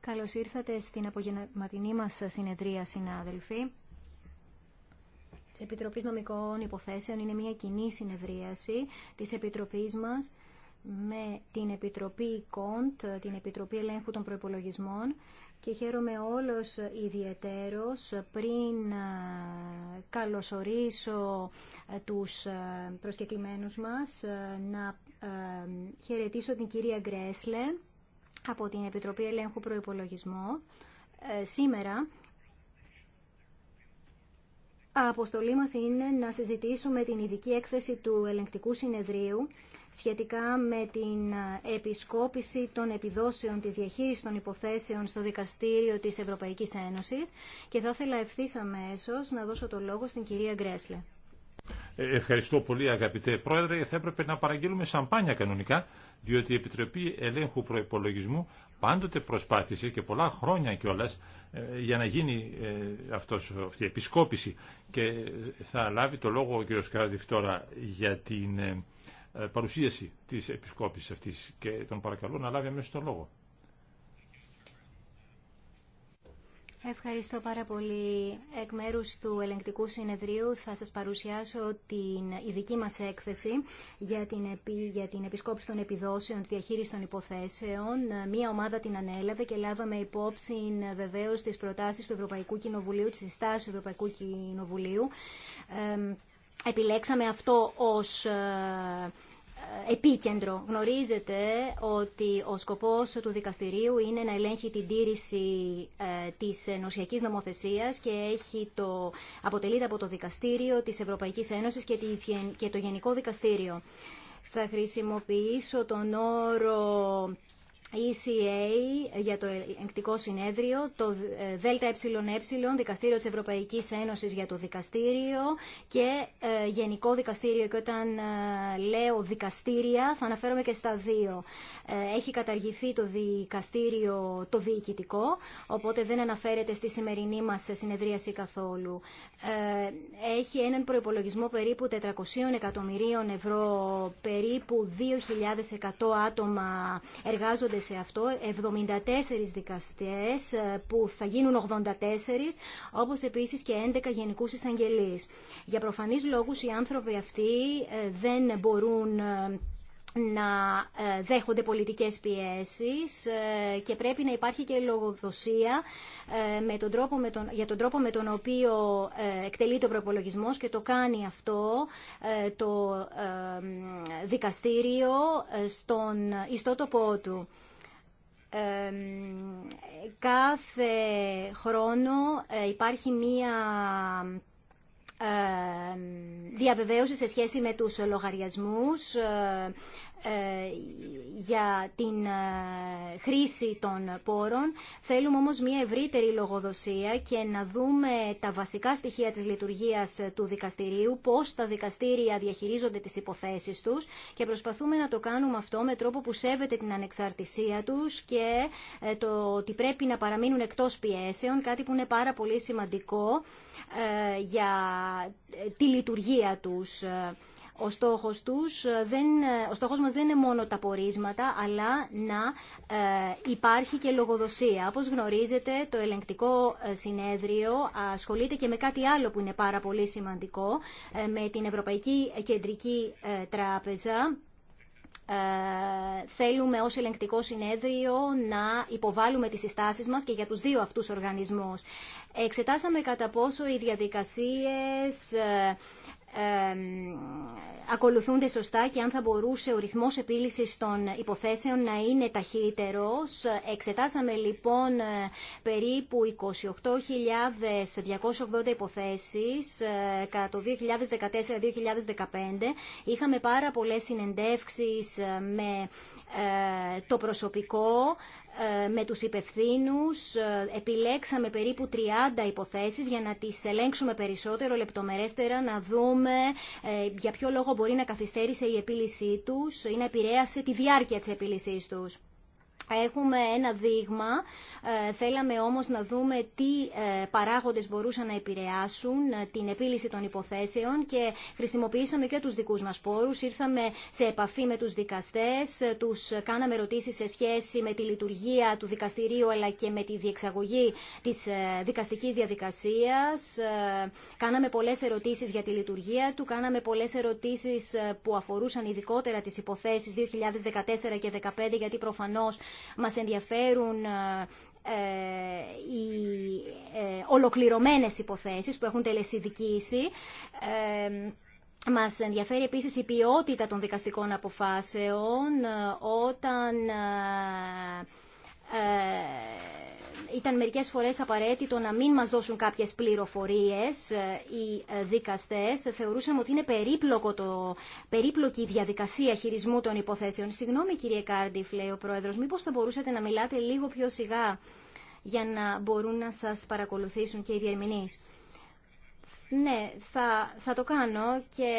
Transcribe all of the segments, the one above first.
Καλώς ήρθατε στην απογευματινή μας συνεδρία, συνάδελφοι. Της Επιτροπή Νομικών Υποθέσεων είναι μια κοινή συνεδρίαση της Επιτροπής μας με την Επιτροπή ΚΟΝΤ, την Επιτροπή Ελέγχου των Προϋπολογισμών και χαίρομαι όλος ιδιαιτέρως πριν ε, καλωσορίσω ε, τους ε, προσκεκλημένους μας να χαιρετήσω την κυρία Γκρέσλε από την Επιτροπή Ελέγχου Προϋπολογισμού. Ε, σήμερα Αποστολή μας είναι να συζητήσουμε την ειδική έκθεση του ελεγκτικού συνεδρίου σχετικά με την ε, επισκόπηση των επιδόσεων της διαχείρισης των υποθέσεων στο Δικαστήριο της Ευρωπαϊκής Ένωσης και θα ήθελα ευθύ αμέσως να δώσω το λόγο στην κυρία Γκρέσλε. Ευχαριστώ πολύ αγαπητέ Πρόεδρε. Θα έπρεπε να παραγγείλουμε σαμπάνια κανονικά, διότι η Επιτροπή Ελέγχου Προπολογισμού πάντοτε προσπάθησε και πολλά χρόνια κιόλα ε, για να γίνει ε, αυτός, αυτή η επισκόπηση. Και ε, θα λάβει το λόγο ο κ. Σκάδιφ τώρα για την παρουσίαση της επισκόπησης αυτής και τον παρακαλώ να λάβει αμέσως το λόγο. Ευχαριστώ πάρα πολύ. Εκ μέρους του Ελεγκτικού Συνεδρίου θα σας παρουσιάσω την ειδική μας έκθεση για την, για την επισκόπηση των επιδόσεων, τη διαχείριση των υποθέσεων. Μία ομάδα την ανέλαβε και λάβαμε υπόψη βεβαίως τις προτάσεις του Ευρωπαϊκού Κοινοβουλίου, της συστάσεις του Ευρωπαϊκού Κοινοβουλίου. Επιλέξαμε αυτό ως ε, επίκεντρο. Γνωρίζετε ότι ο σκοπός του δικαστηρίου είναι να ελέγχει την τήρηση ε, της ενωσιακής νομοθεσίας και έχει το, αποτελείται από το Δικαστήριο της Ευρωπαϊκής Ένωσης και, και το Γενικό Δικαστήριο. Θα χρησιμοποιήσω τον όρο ECA για το Εγκτικό Συνέδριο, το ε, ΔΕΕ, Δικαστήριο της Ευρωπαϊκής Ένωσης για το Δικαστήριο και ε, Γενικό Δικαστήριο. Και όταν ε, λέω δικαστήρια θα αναφέρομαι και στα δύο. Έχει καταργηθεί το δικαστήριο το διοικητικό, οπότε δεν αναφέρεται στη σημερινή μας συνεδρίαση καθόλου. Έχει έναν προϋπολογισμό περίπου 400 εκατομμυρίων ευρώ, περίπου 2.100 άτομα εργάζονται σε αυτό. 74 δικαστές ε, που θα γίνουν 84, όπως επίσης και 11 γενικούς εισαγγελείς. Για προφανείς λόγους οι άνθρωποι αυτοί ε, δεν μπορούν ε, να δέχονται πολιτικές πιέσεις και πρέπει να υπάρχει και λογοδοσία με τον τρόπο με τον, για τον τρόπο με τον οποίο εκτελεί το προπολογισμό και το κάνει αυτό το δικαστήριο στον ιστότοπό του κάθε χρόνο ε, υπάρχει μία ε, διαβεβαίωση σε σχέση με τους λογαριασμούς ε, ε, για την ε, χρήση των πόρων. Θέλουμε όμως μια ευρύτερη λογοδοσία και να δούμε τα βασικά στοιχεία της λειτουργίας του δικαστηρίου, πώς τα δικαστήρια διαχειρίζονται τις υποθέσεις τους και προσπαθούμε να το κάνουμε αυτό με τρόπο που σέβεται την ανεξαρτησία τους και ε, το ότι πρέπει να παραμείνουν εκτός πιέσεων, κάτι που είναι πάρα πολύ σημαντικό για τη λειτουργία τους. Ο στόχος, τους ε, δεν, ε, ο μας δεν είναι μόνο τα πορίσματα, αλλά να ε, υπάρχει και λογοδοσία. Όπως γνωρίζετε, το ελεγκτικό συνέδριο ασχολείται και με κάτι άλλο που είναι πάρα πολύ σημαντικό, με την Ευρωπαϊκή Κεντρική Τράπεζα, θέλουμε ως ελεγκτικό συνέδριο να υποβάλουμε τις συστάσεις μας και για τους δύο αυτούς οργανισμούς. Εξετάσαμε κατά πόσο οι διαδικασίες ακολουθούνται σωστά και αν θα μπορούσε ο ρυθμός επίλυσης των υποθέσεων να είναι ταχύτερος. Εξετάσαμε λοιπόν ε, περίπου 28.280 υποθέσεις ε, κατά το 2014-2015. Είχαμε πάρα πολλές συνεντεύξεις ε, με ε, το προσωπικό, ε, με τους υπευθύνους. Ε, επιλέξαμε περίπου 30 υποθέσεις για να τις ελέγξουμε περισσότερο λεπτομερέστερα, να δούμε για ποιο λόγο μπορεί να καθυστέρησε η επίλυσή τους ή να επηρέασε τη διάρκεια της επίλυσής τους. Έχουμε ένα δείγμα, ε, θέλαμε όμως να δούμε τι ε, παράγοντες μπορούσαν να επηρεάσουν ε, την επίλυση των υποθέσεων και χρησιμοποιήσαμε και τους δικούς μας πόρους, ήρθαμε σε επαφή με τους δικαστές, τους κάναμε ρωτήσεις σε σχέση με τη λειτουργία του δικαστηρίου αλλά και με τη διεξαγωγή της δικαστικής διαδικασίας, κάναμε πολλές ερωτήσεις για τη λειτουργία του, κάναμε πολλές ερωτήσεις που αφορούσαν ειδικότερα τις υποθέσεις 2014 και 2015 γιατί προφανώς μας ενδιαφέρουν ε, ε, οι ε, ολοκληρωμένες υποθέσεις που έχουν τελεσιδικήσει μας ενδιαφέρει επίσης η ποιότητα των δικαστικών αποφάσεων όταν ήταν μερικές φορές απαραίτητο να μην μας δώσουν κάποιες πληροφορίες ε, οι ε, δικαστές. Θεωρούσαμε ότι είναι περίπλοκο το, περίπλοκη η διαδικασία χειρισμού των υποθέσεων. Συγγνώμη κύριε Κάρντιφ, λέει ο Πρόεδρος, μήπως θα μπορούσατε να μιλάτε λίγο πιο σιγά για να μπορούν να σας παρακολουθήσουν και οι διερμηνείς. Ναι, θα, θα το κάνω και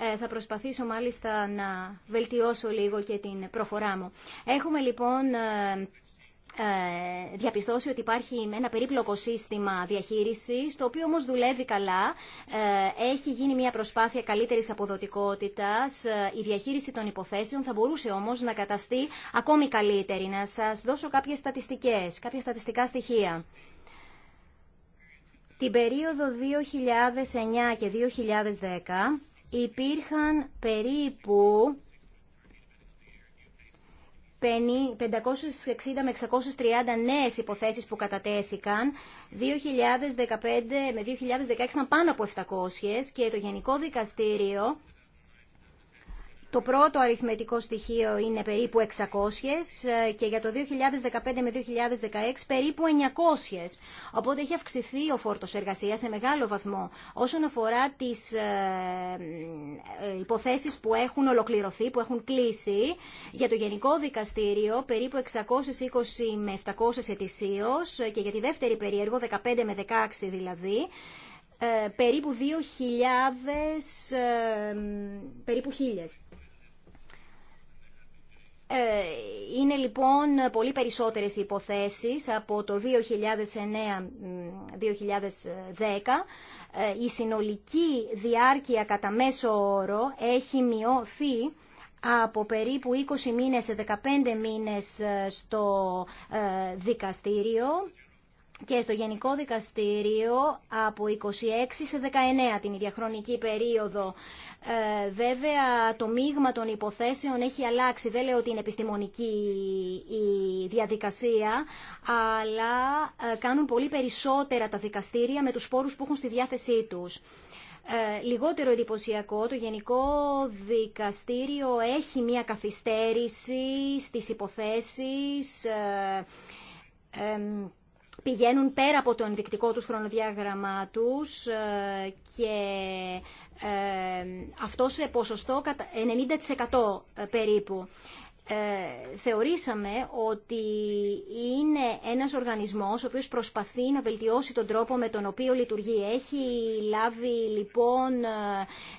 ε, θα προσπαθήσω μάλιστα να βελτιώσω λίγο και την προφορά μου. Έχουμε λοιπόν ε, διαπιστώσει ότι υπάρχει ένα περίπλοκο σύστημα διαχείρισης, το οποίο όμως δουλεύει καλά. Ε, έχει γίνει μια προσπάθεια καλύτερης αποδοτικότητας. Ε, η διαχείριση των υποθέσεων θα μπορούσε όμως να καταστεί ακόμη καλύτερη. Να σας δώσω κάποιες στατιστικές, κάποια στατιστικά στοιχεία. Την περίοδο 2009 και 2010 υπήρχαν περίπου 560 με 630 νέες υποθέσεις που κατατέθηκαν. 2015 με 2016 ήταν πάνω από 700 και το Γενικό Δικαστήριο το πρώτο αριθμητικό στοιχείο είναι περίπου 600 ε, και για το 2015 με 2016 περίπου 900. Οπότε έχει αυξηθεί ο φόρτος εργασίας σε μεγάλο βαθμό. Όσον αφορά τις ε, ε, υποθέσεις που έχουν ολοκληρωθεί, που έχουν κλείσει, για το Γενικό Δικαστήριο περίπου 620 με 700 ετησίως και για τη δεύτερη περίεργο 15 με 16 δηλαδή, περίπου 2.000, περίπου 1.000. Ε, είναι λοιπόν πολύ περισσότερες οι υποθέσεις από το 2009-2010. Ε, η συνολική διάρκεια κατά μέσο όρο έχει μειωθεί από περίπου 20 μήνες σε 15 μήνες ε, στο δικαστήριο και στο Γενικό Δικαστήριο από 26 σε 19 την ίδια χρονική περίοδο. Ε, βέβαια το μείγμα των υποθέσεων έχει αλλάξει. Δεν λέω ότι είναι επιστημονική η διαδικασία, αλλά ε, κάνουν πολύ περισσότερα τα δικαστήρια με τους σπόρους που έχουν στη διάθεσή τους. Ε, λιγότερο εντυπωσιακό, το Γενικό Δικαστήριο έχει μια καθυστέρηση στις υποθέσεις πηγαίνουν πέρα από το ενδεικτικό τους χρονοδιάγραμμά τους ε, και ε, αυτό σε ποσοστό 90% ε, περίπου. Ε, θεωρήσαμε ότι είναι ένας οργανισμός ο οποίος προσπαθεί να βελτιώσει τον τρόπο με τον οποίο λειτουργεί. Έχει λάβει λοιπόν ε,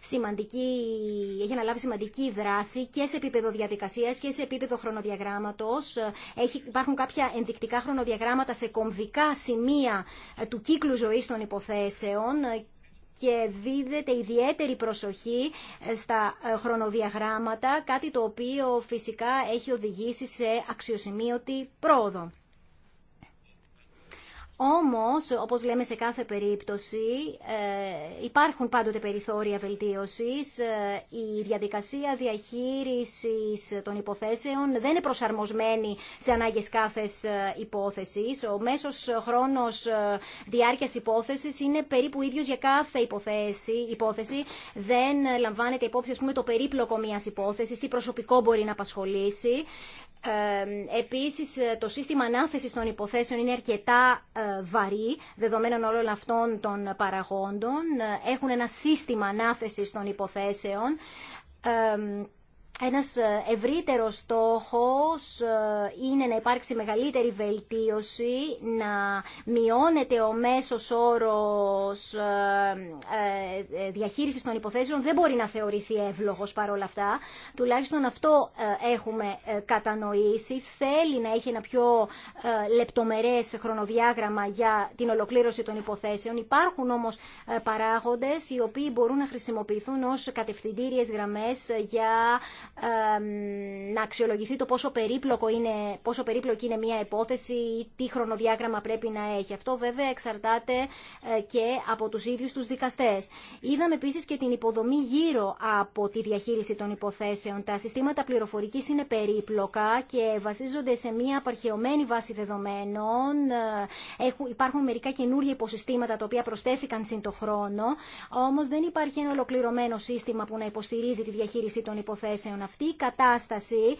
σημαντική, έχει αναλάβει σημαντική δράση και σε επίπεδο διαδικασίας και σε επίπεδο χρονοδιαγράμματος. Ε, έχει, υπάρχουν κάποια ενδεικτικά χρονοδιαγράμματα σε κομβικά σημεία του κύκλου ζωής των υποθέσεων και δίδεται ιδιαίτερη προσοχή στα ε, χρονοδιαγράμματα, κάτι το οποίο φυσικά έχει οδηγήσει σε αξιοσημείωτη πρόοδο. Όμως, όπως λέμε σε κάθε περίπτωση, ε, υπάρχουν πάντοτε περιθώρια βελτίωσης. Ε, η διαδικασία διαχείρισης των υποθέσεων δεν είναι προσαρμοσμένη σε ανάγκες κάθε ε, υπόθεσης. Ο μέσος χρόνος διάρκειας υπόθεσης είναι περίπου ίδιος για κάθε υπόθεση. υπόθεση. Δεν λαμβάνεται υπόψη, ας πούμε, το περίπλοκο μιας υπόθεσης, τι προσωπικό μπορεί να απασχολήσει. Επίσης, ε, το σύστημα ανάθεσης των υποθέσεων είναι αρκετά ε, βαρύ, δεδομένων όλων αυτών των παραγόντων. Ε, έχουν ένα σύστημα ανάθεσης των υποθέσεων ένας ε, ευρύτερος στόχος ε, είναι να υπάρξει μεγαλύτερη βελτίωση, να μειώνεται ο μέσος όρος ε, διαχείρισης των υποθέσεων. Δεν μπορεί να θεωρηθεί εύλογος παρόλα αυτά. Τουλάχιστον αυτό έχουμε κατανοήσει. Θέλει να έχει ένα πιο λεπτομερές χρονοδιάγραμμα για την ολοκλήρωση των υποθέσεων. Υπάρχουν όμως παράγοντες οι οποίοι μπορούν να χρησιμοποιηθούν ως κατευθυντήριες γραμμές για να αξιολογηθεί το πόσο, περίπλοκο είναι, πόσο περίπλοκη είναι μια υπόθεση ή τι χρονοδιάγραμμα πρέπει να έχει. Αυτό βέβαια εξαρτάται ε, και από τους ίδιους τους δικαστές. Είδαμε επίσης και την υποδομή γύρω από τη διαχείριση των υποθέσεων. Τα συστήματα πληροφορικής είναι περίπλοκα και βασίζονται σε μια απαρχαιωμένη βάση δεδομένων. Ε, υπάρχουν μερικά καινούργια υποσυστήματα τα οποία προστέθηκαν συν το χρόνο, όμως δεν υπάρχει ένα ολοκληρωμένο σύστημα που να υποστηρίζει τη διαχείριση των υποθέσεων. Λοιπόν αυτή η κατάσταση,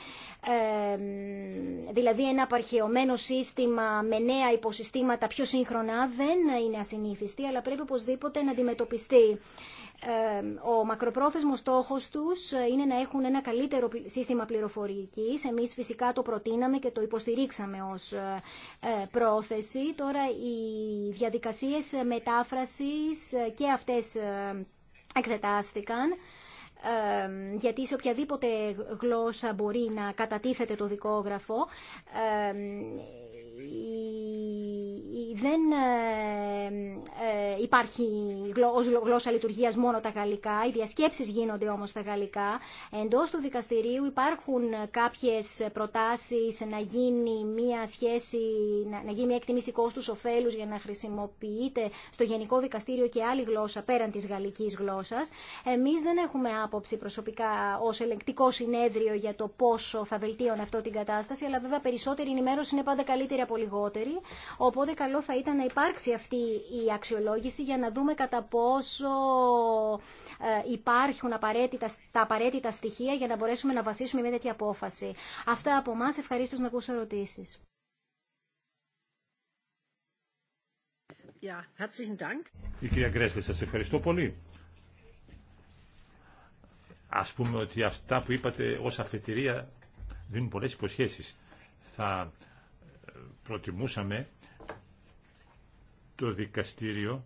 δηλαδή ένα απαρχαιωμένο σύστημα με νέα υποσυστήματα πιο σύγχρονα, δεν είναι ασυνήθιστη, αλλά πρέπει οπωσδήποτε να αντιμετωπιστεί. Ο μακροπρόθεσμος στόχος τους είναι να έχουν ένα καλύτερο σύστημα πληροφορικής. Εμείς φυσικά το προτείναμε και το υποστηρίξαμε ως ε, ε, πρόθεση. Τώρα οι διαδικασίες μετάφρασης ε, και αυτές εξετάστηκαν γιατί σε οποιαδήποτε γλώσσα μπορεί να κατατίθεται το δικόγραφο δεν ε, ε, υπάρχει γλω, γλώσσα λειτουργίας μόνο τα γαλλικά, οι διασκέψεις γίνονται όμως τα γαλλικά. Εντός του δικαστηρίου υπάρχουν κάποιες προτάσεις να γίνει μια σχέση, να γίνει μια εκτιμήση κόστους ωφέλους για να χρησιμοποιείται στο Γενικό Δικαστήριο και άλλη γλώσσα πέραν της γαλλικής γλώσσας. Εμείς δεν έχουμε άποψη προσωπικά ως ελεγκτικό συνέδριο για το πόσο θα βελτίωνε αυτό την κατάσταση, αλλά βέβαια περισσότερη ενημέρωση είναι πάντα καλύτερη από λιγότερη. Οπότε καλό θα ήταν να υπάρξει αυτή η αξιολόγηση για να δούμε κατά πόσο ε, υπάρχουν απαραίτητα, τα απαραίτητα στοιχεία για να μπορέσουμε να βασίσουμε μια τέτοια απόφαση. Αυτά από εμά. Ευχαρίστω να ακούσω ερωτήσει. Η κυρία Γκρέσλε, σας ευχαριστώ πολύ. Ας πούμε ότι αυτά που είπατε ως αφετηρία δίνουν πολλές υποσχέσεις. Θα ε, προτιμούσαμε το δικαστήριο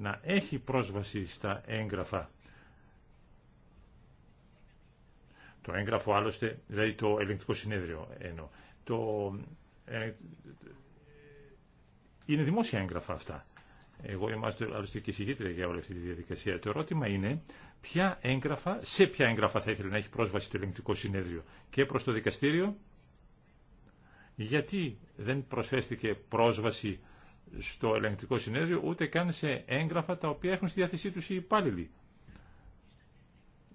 να έχει πρόσβαση στα έγγραφα. Το έγγραφο άλλωστε, δηλαδή το ελεγκτικό συνέδριο εννοώ. Το, ε, είναι δημόσια έγγραφα αυτά. Εγώ είμαστε άλλωστε και συγκίτρια για όλη αυτή τη διαδικασία. Το ερώτημα είναι ποια έγγραφα, σε ποια έγγραφα θα ήθελε να έχει πρόσβαση το ελεγκτικό συνέδριο και προς το δικαστήριο. Γιατί δεν προσφέρθηκε πρόσβαση στο ελεγκτικό συνέδριο, ούτε καν σε έγγραφα τα οποία έχουν στη διάθεσή τους οι υπάλληλοι.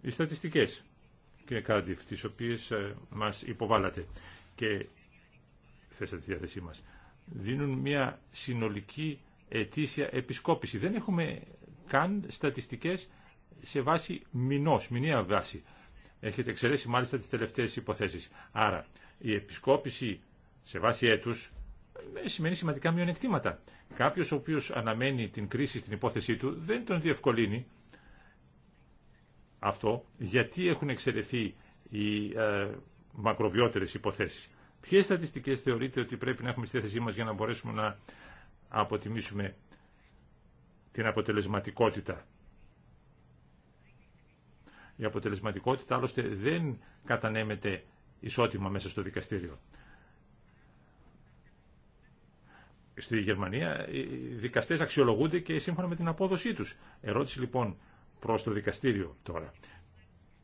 Οι στατιστικές, κύριε Κάρντιφ... τις οποίες ε, μας υποβάλλατε... και θέσατε στη διάθεσή μας, δίνουν μια συνολική ετήσια επισκόπηση. Δεν έχουμε καν στατιστικές σε βάση μηνός, μηνία βάση. Έχετε εξαιρέσει μάλιστα τις τελευταίες υποθέσεις. Άρα, η επισκόπηση σε βάση έτους ε, σημαίνει σημαντικά μειονεκτήματα. Κάποιο ο οποίο αναμένει την κρίση στην υπόθεσή του δεν τον διευκολύνει αυτό γιατί έχουν εξαιρεθεί οι ε, μακροβιότερες υποθέσεις. Ποιες στατιστικές θεωρείτε ότι πρέπει να έχουμε στη θέση μας για να μπορέσουμε να αποτιμήσουμε την αποτελεσματικότητα. Η αποτελεσματικότητα άλλωστε δεν κατανέμεται ισότιμα μέσα στο δικαστήριο. στη Γερμανία οι δικαστές αξιολογούνται και σύμφωνα με την απόδοσή τους. Ερώτηση λοιπόν προς το δικαστήριο τώρα.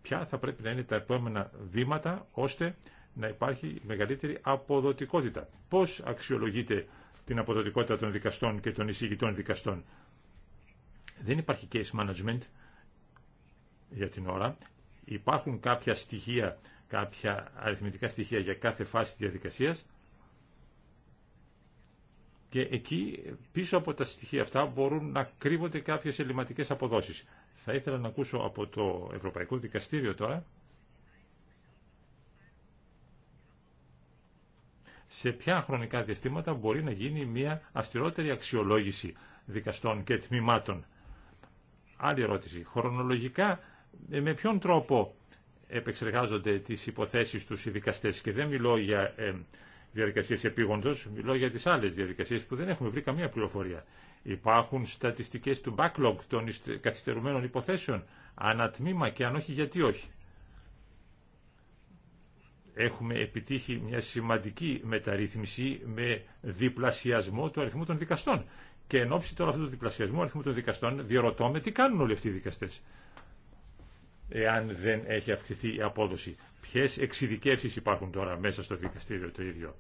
Ποια θα πρέπει να είναι τα επόμενα βήματα ώστε να υπάρχει μεγαλύτερη αποδοτικότητα. Πώς αξιολογείται την αποδοτικότητα των δικαστών και των εισηγητών δικαστών. Δεν υπάρχει case management για την ώρα. Υπάρχουν κάποια στοιχεία, κάποια αριθμητικά στοιχεία για κάθε φάση της διαδικασίας και εκεί πίσω από τα στοιχεία αυτά μπορούν να κρύβονται κάποιες ελληματικές αποδόσεις. Θα ήθελα να ακούσω από το Ευρωπαϊκό Δικαστήριο τώρα σε ποια χρονικά διαστήματα μπορεί να γίνει μια αυστηρότερη αξιολόγηση δικαστών και τμήματων. Άλλη ερώτηση. Χρονολογικά ε, με ποιον τρόπο επεξεργάζονται τις υποθέσεις τους οι δικαστές και δεν μιλώ για ε, διαδικασίες επίγοντος, μιλώ για τις άλλες διαδικασίες που δεν έχουμε βρει καμία πληροφορία. Υπάρχουν στατιστικές του backlog των καθυστερουμένων υποθέσεων, ανατμήμα και αν όχι γιατί όχι. Έχουμε επιτύχει μια σημαντική μεταρρύθμιση με διπλασιασμό του αριθμού των δικαστών. Και εν ώψη τώρα αυτού του διπλασιασμού αριθμού των δικαστών διερωτώ με τι κάνουν όλοι αυτοί οι δικαστές εάν δεν έχει αυξηθεί η απόδοση. Ποιε εξειδικεύσει υπάρχουν τώρα μέσα στο δικαστήριο το ίδιο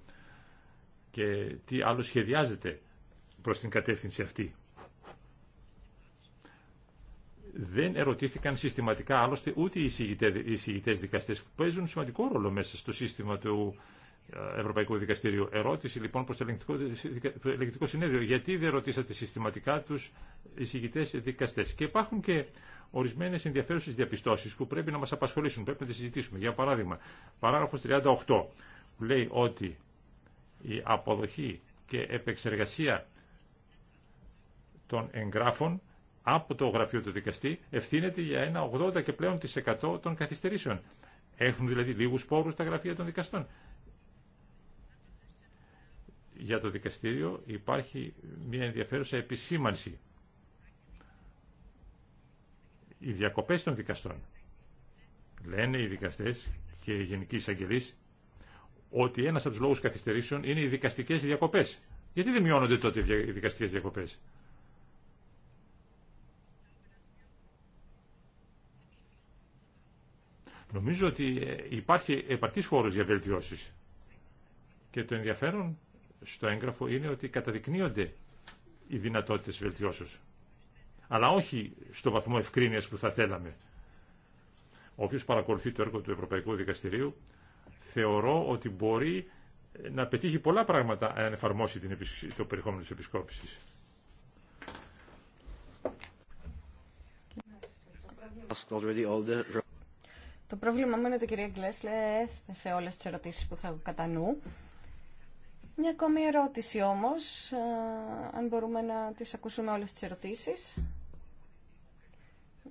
και τι άλλο σχεδιάζεται προς την κατεύθυνση αυτή. Δεν ερωτήθηκαν συστηματικά άλλωστε ούτε οι εισηγητές δικαστές που παίζουν σημαντικό ρόλο μέσα στο σύστημα του Ευρωπαϊκού Δικαστηρίου. Ερώτηση λοιπόν προ το ελεγκτικό συνέδριο. Γιατί δεν ρωτήσατε συστηματικά του εισηγητέ δικαστέ. Και υπάρχουν και ορισμένε ενδιαφέρουσε διαπιστώσει που πρέπει να μα απασχολήσουν. Πρέπει να τις συζητήσουμε. Για παράδειγμα, παράγραφος 38 που λέει ότι η αποδοχή και επεξεργασία των εγγράφων από το γραφείο του δικαστή ευθύνεται για ένα 80 και πλέον των καθυστερήσεων. Έχουν δηλαδή λίγου πόρου τα γραφεία των δικαστών για το δικαστήριο υπάρχει μια ενδιαφέρουσα επισήμανση. Οι διακοπές των δικαστών. Λένε οι δικαστές και οι γενικοί εισαγγελείς ότι ένας από τους λόγους καθυστερήσεων είναι οι δικαστικές διακοπές. Γιατί δεν μειώνονται τότε οι δικαστικές διακοπές. Νομίζω ότι ε, υπάρχει επαρκής χώρος για βελτιώσεις. Και το ενδιαφέρον στο έγγραφο είναι ότι καταδεικνύονται οι δυνατότητες βελτιώσεως. Αλλά όχι στο βαθμό ευκρίνειας που θα θέλαμε. Όποιος παρακολουθεί το έργο του Ευρωπαϊκού Δικαστηρίου θεωρώ ότι μπορεί να πετύχει πολλά πράγματα αν εφαρμόσει την, το περιεχόμενο της επισκόπησης. Το πρόβλημα μου είναι ότι η κυρία Γκλέσλε έθεσε όλες τις ερωτήσεις που είχα κατά νου. Μια ακόμη ερώτηση όμως, ε, αν μπορούμε να τις ακούσουμε όλες τις ερωτήσεις.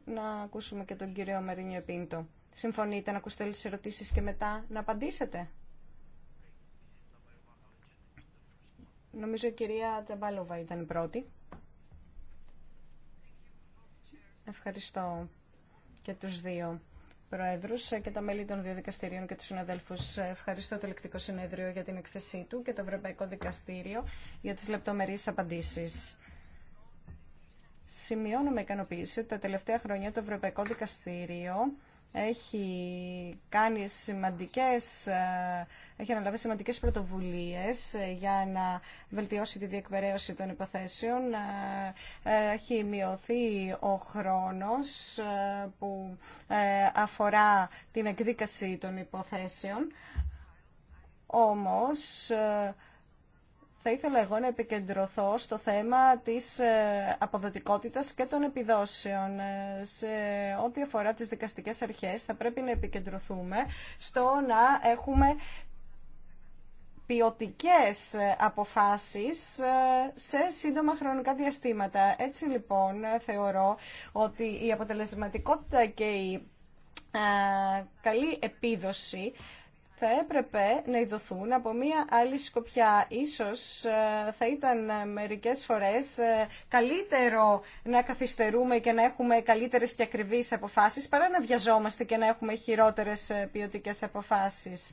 Να ακούσουμε και τον κύριο Μερίνιο Πίντο. Συμφωνείτε να ακούσετε όλες τις ερωτήσεις και μετά να απαντήσετε. Νομίζω η κυρία Τζαμπάλοβα ήταν η πρώτη. Ευχαριστώ και τους δύο Προέδρου και τα μέλη των δύο δικαστηρίων και τους Συναδέλφου. Ευχαριστώ το Ελεκτικό Συνέδριο για την εκθεσή του και το Ευρωπαϊκό Δικαστήριο για τις λεπτομερεί απαντήσεις. Σημειώνω με ικανοποίηση ότι τα τελευταία χρόνια το Ευρωπαϊκό Δικαστήριο έχει κάνει σημαντικές, ε, έχει αναλάβει σημαντικές πρωτοβουλίες ε, για να βελτιώσει τη διεκπαιρέωση των υποθέσεων. Ε, έχει μειωθεί ο χρόνος που αφορά την εκδίκαση των υποθέσεων. Όμως, θα ήθελα εγώ να επικεντρωθώ στο θέμα της ε, αποδοτικότητας και των επιδόσεων. Ε, σε ό,τι αφορά τις δικαστικές αρχές θα πρέπει να επικεντρωθούμε στο να έχουμε ποιοτικές ε, αποφάσεις σε σύντομα χρονικά διαστήματα. Έτσι λοιπόν θεωρώ ότι η αποτελεσματικότητα και η καλή επίδοση θα έπρεπε να ειδωθούν από μία άλλη σκοπιά. Ίσως ε, θα ήταν ε, μερικές φορές ε, καλύτερο να καθυστερούμε και να έχουμε καλύτερες και ακριβείς αποφάσεις παρά να βιαζόμαστε και να έχουμε χειρότερες ποιοτικές αποφάσεις.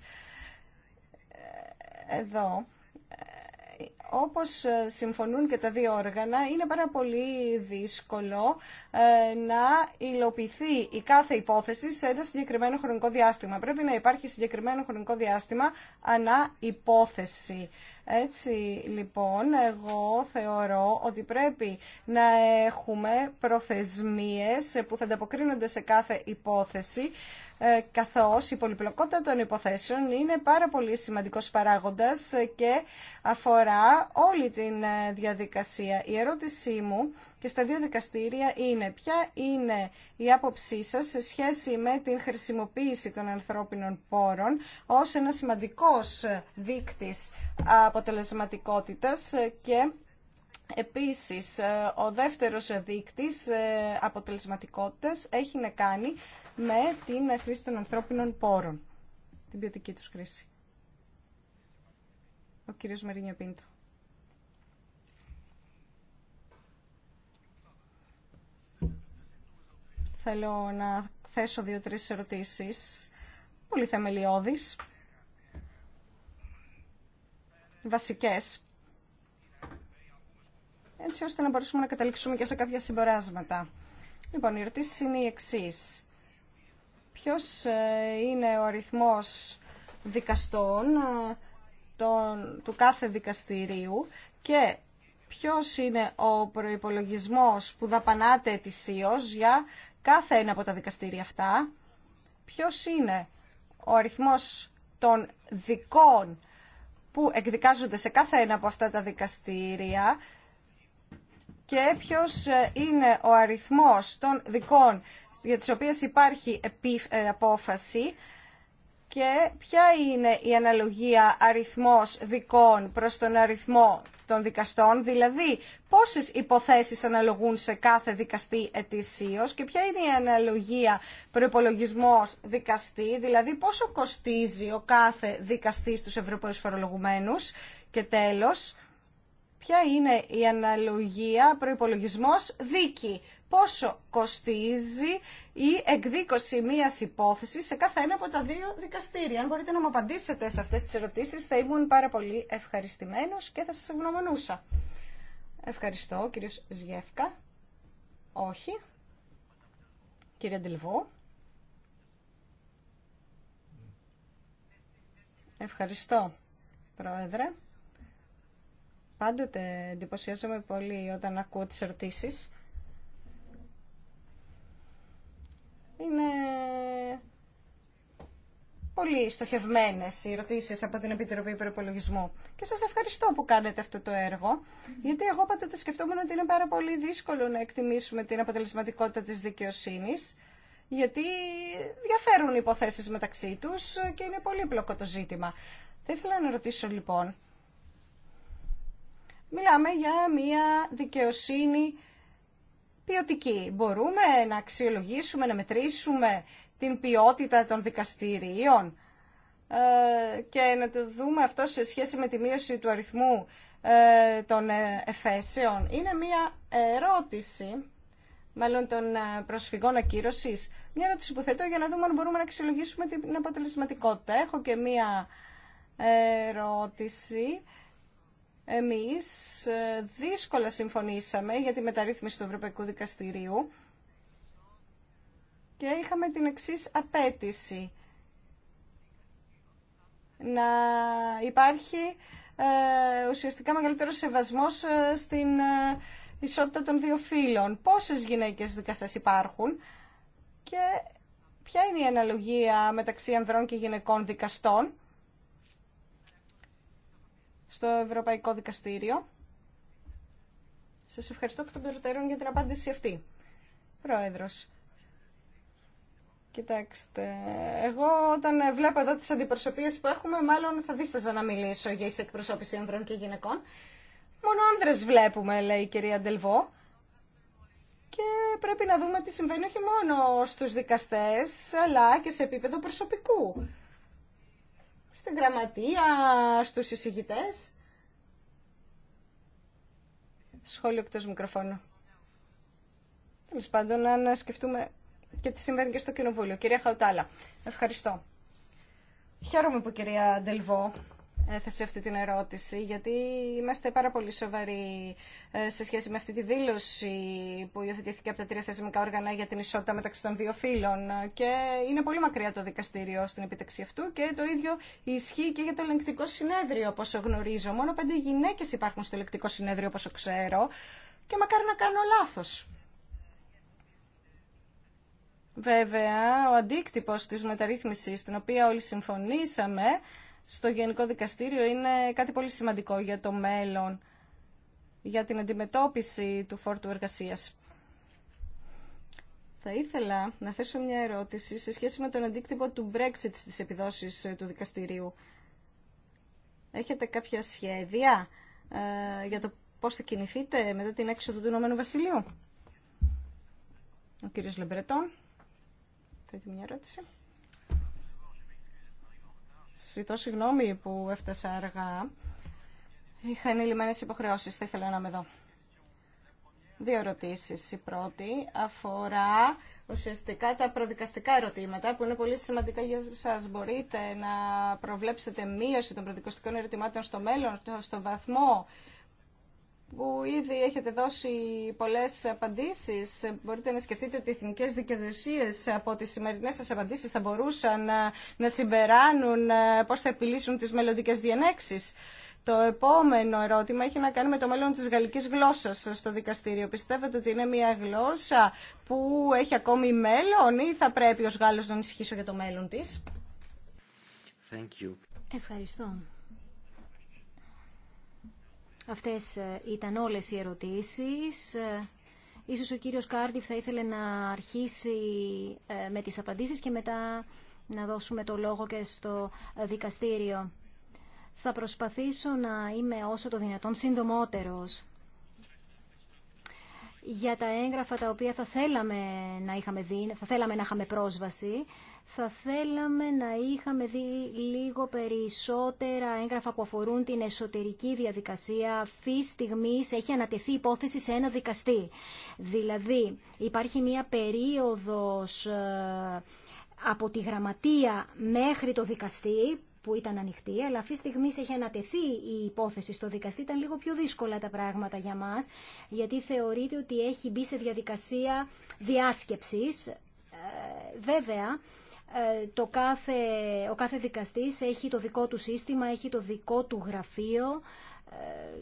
Εδώ όπως ε, συμφωνούν και τα δύο όργανα, είναι πάρα πολύ δύσκολο ε, να υλοποιηθεί η κάθε υπόθεση σε ένα συγκεκριμένο χρονικό διάστημα. Πρέπει να υπάρχει συγκεκριμένο χρονικό διάστημα ανά υπόθεση. Έτσι λοιπόν, εγώ θεωρώ ότι πρέπει να έχουμε προθεσμίες που θα ανταποκρίνονται σε κάθε υπόθεση ε, καθώς η πολυπλοκότητα των υποθέσεων είναι πάρα πολύ σημαντικός παράγοντας και αφορά όλη την ε, διαδικασία. Η ερώτησή μου και στα δύο δικαστήρια είναι ποια είναι η άποψή σας σε σχέση με την χρησιμοποίηση των ανθρώπινων πόρων ως ένα σημαντικός δείκτης αποτελεσματικότητας και Επίσης, ε, ο δεύτερος δείκτης αποτελεσματικότητας έχει να κάνει με την χρήση των ανθρώπινων πόρων, την ποιοτική τους χρήση. Ο κύριος Μαρίνιο Πίντο. Θέλω να θέσω δύο-τρεις ερωτήσεις, πολύ θεμελιώδεις, βασικές, έτσι ώστε να μπορέσουμε να καταλήξουμε και σε κάποια συμπεράσματα. Λοιπόν, οι ερωτήσει είναι οι εξής ποιος ε, είναι ο αριθμός δικαστών ε, τον, του κάθε δικαστηρίου και ποιος είναι ο προϋπολογισμός που δαπανάται ετησίως για κάθε ένα από τα δικαστήρια αυτά, ποιος είναι ο αριθμός των δικών που εκδικάζονται σε κάθε ένα από αυτά τα δικαστήρια και ποιος ε, είναι ο αριθμός των δικών για τις οποίες υπάρχει ε, απόφαση και ποια είναι η αναλογία αριθμός δικών προς τον αριθμό των δικαστών, δηλαδή πόσες υποθέσεις αναλογούν σε κάθε δικαστή ετησίως και ποια είναι η αναλογία προϋπολογισμός δικαστή, δηλαδή πόσο κοστίζει ο κάθε δικαστής στους Ευρωπαίους φορολογουμένους και τέλος, ποια είναι η αναλογία προϋπολογισμός δίκη, πόσο κοστίζει η εκδίκωση μιας υπόθεσης σε κάθε ένα από τα δύο δικαστήρια. Αν μπορείτε να μου απαντήσετε σε αυτές τις ερωτήσεις θα ήμουν πάρα πολύ ευχαριστημένος και θα σας ευγνωμονούσα. Ευχαριστώ, κύριος Ζιέφκα. Όχι. Κύριε Ντελβό. Ευχαριστώ, Πρόεδρε. Πάντοτε εντυπωσιάζομαι πολύ όταν ακούω τις ερωτήσεις Είναι πολύ στοχευμένε οι ερωτήσει από την Επιτροπή προπολογισμού. Και σα ευχαριστώ που κάνετε αυτό το έργο, γιατί εγώ πάντα πάντοτε σκεφτόμουν ότι είναι πάρα πολύ δύσκολο να εκτιμήσουμε την αποτελεσματικότητα τη δικαιοσύνη, γιατί διαφέρουν οι υποθέσεις μεταξύ του και είναι πλοκό το ζήτημα. Θα ήθελα να ρωτήσω λοιπόν, μιλάμε για μια δικαιοσύνη ποιοτική. Μπορούμε να αξιολογήσουμε, να μετρήσουμε την ποιότητα των δικαστηρίων ε, και να το δούμε αυτό σε σχέση με τη μείωση του αριθμού ε, των ε, εφέσεων. Είναι μία ερώτηση, μάλλον των προσφυγών ακύρωσης. Μια ερώτηση που θέτω για να δούμε αν μπορούμε να αξιολογήσουμε την αποτελεσματικότητα. Έχω και μία ερώτηση εμείς ε, δύσκολα συμφωνήσαμε για τη μεταρρύθμιση του Ευρωπαϊκού Δικαστηρίου και είχαμε την εξής απέτηση να υπάρχει ε, ουσιαστικά μεγαλύτερο σεβασμός ε, στην ε, ισότητα των δύο φύλων. Πόσες γυναίκες δικαστές υπάρχουν και ποια είναι η αναλογία μεταξύ ανδρών και γυναικών δικαστών στο Ευρωπαϊκό Δικαστήριο. Σας ευχαριστώ και των προτέρων για την απάντηση αυτή. Πρόεδρος. Κοιτάξτε, εγώ όταν βλέπω εδώ τις αντιπροσωπείες που έχουμε, μάλλον θα δίσταζα να μιλήσω για εις εκπροσώπηση ανδρών και γυναικών. Μόνο άνδρες βλέπουμε, λέει η κυρία Ντελβό. Και πρέπει να δούμε τι συμβαίνει όχι μόνο στους δικαστές, αλλά και σε επίπεδο προσωπικού στην γραμματεία, στους εισηγητές. Σχόλιο εκτός μικροφώνου. Εμείς πάντων, να σκεφτούμε και τι συμβαίνει και στο Κοινοβούλιο. Κυρία Χαουτάλα, ευχαριστώ. Χαίρομαι που κυρία Ντελβό έθεσε αυτή την ερώτηση, γιατί είμαστε πάρα πολύ σοβαροί ε, σε σχέση με αυτή τη δήλωση που υιοθετήθηκε από τα τρία θεσμικά όργανα για την ισότητα μεταξύ των δύο φύλων. Και είναι πολύ μακριά το δικαστήριο στην επιταξή αυτού και το ίδιο ισχύει και για το ελεγκτικό συνέδριο, όπω γνωρίζω. Μόνο πέντε γυναίκε υπάρχουν στο ελεγκτικό συνέδριο, όπω ξέρω. Και μακάρι να κάνω λάθο. Βέβαια, ο αντίκτυπος της μεταρρύθμισης, στην οποία όλοι συμφωνήσαμε, στο Γενικό Δικαστήριο είναι κάτι πολύ σημαντικό για το μέλλον, για την αντιμετώπιση του φόρτου εργασίας. Θα ήθελα να θέσω μια ερώτηση σε σχέση με τον αντίκτυπο του Brexit στις επιδόσεις ε, του δικαστηρίου. Έχετε κάποια σχέδια ε, για το πώς θα κινηθείτε μετά την έξοδο του Ηνωμένου Βασιλείου. Ο κύριος Λεμπρετών, θέλετε μια ερώτηση. Ζητώ συγγνώμη που έφτασα αργά. Είχα ενηλυμένες υποχρεώσεις, θα ήθελα να είμαι εδώ. Δύο ερωτήσεις. Η πρώτη αφορά ουσιαστικά τα προδικαστικά ερωτήματα που είναι πολύ σημαντικά για σας. Μπορείτε να προβλέψετε μείωση των προδικαστικών ερωτημάτων στο μέλλον, στο βαθμό που ήδη έχετε δώσει πολλές απαντήσεις. Μπορείτε να σκεφτείτε ότι οι εθνικές δικαιοδοσίες από τις σημερινές σας απαντήσεις θα μπορούσαν να, να συμπεράνουν ε, πώς θα επιλύσουν τις μελλοντικές διενέξεις. Το επόμενο ερώτημα έχει να κάνει με το μέλλον της γαλλικής γλώσσας στο δικαστήριο. Πιστεύετε ότι είναι μια γλώσσα που έχει ακόμη μέλλον ή θα πρέπει ως Γάλλος να ανησυχήσω για το μέλλον της. Ευχαριστώ. Αυτές ε, ήταν όλες οι ερωτήσεις. Ε, ίσως ο κύριος Κάρντιφ θα ήθελε να αρχίσει ε, με τις απαντήσεις και μετά να δώσουμε το λόγο και στο δικαστήριο. Θα προσπαθήσω να είμαι όσο το δυνατόν συντομότερος για τα έγγραφα τα οποία θα θέλαμε να είχαμε δει, θα θέλαμε να είχαμε πρόσβαση, θα θέλαμε να είχαμε δει λίγο περισσότερα έγγραφα που αφορούν την εσωτερική διαδικασία. Αυτή στιγμή έχει ανατεθεί υπόθεση σε ένα δικαστή. Δηλαδή υπάρχει μία περίοδος ε, από τη γραμματεία μέχρι το δικαστή που ήταν ανοιχτή, αλλά αυτή τη στιγμή έχει ανατεθεί η υπόθεση στο δικαστή. Ήταν λίγο πιο δύσκολα τα πράγματα για μας, γιατί θεωρείται ότι έχει μπει σε διαδικασία διάσκεψης. Ε, βέβαια, ε, το κάθε, ο κάθε δικαστής έχει το δικό του σύστημα, έχει το δικό του γραφείο, ε,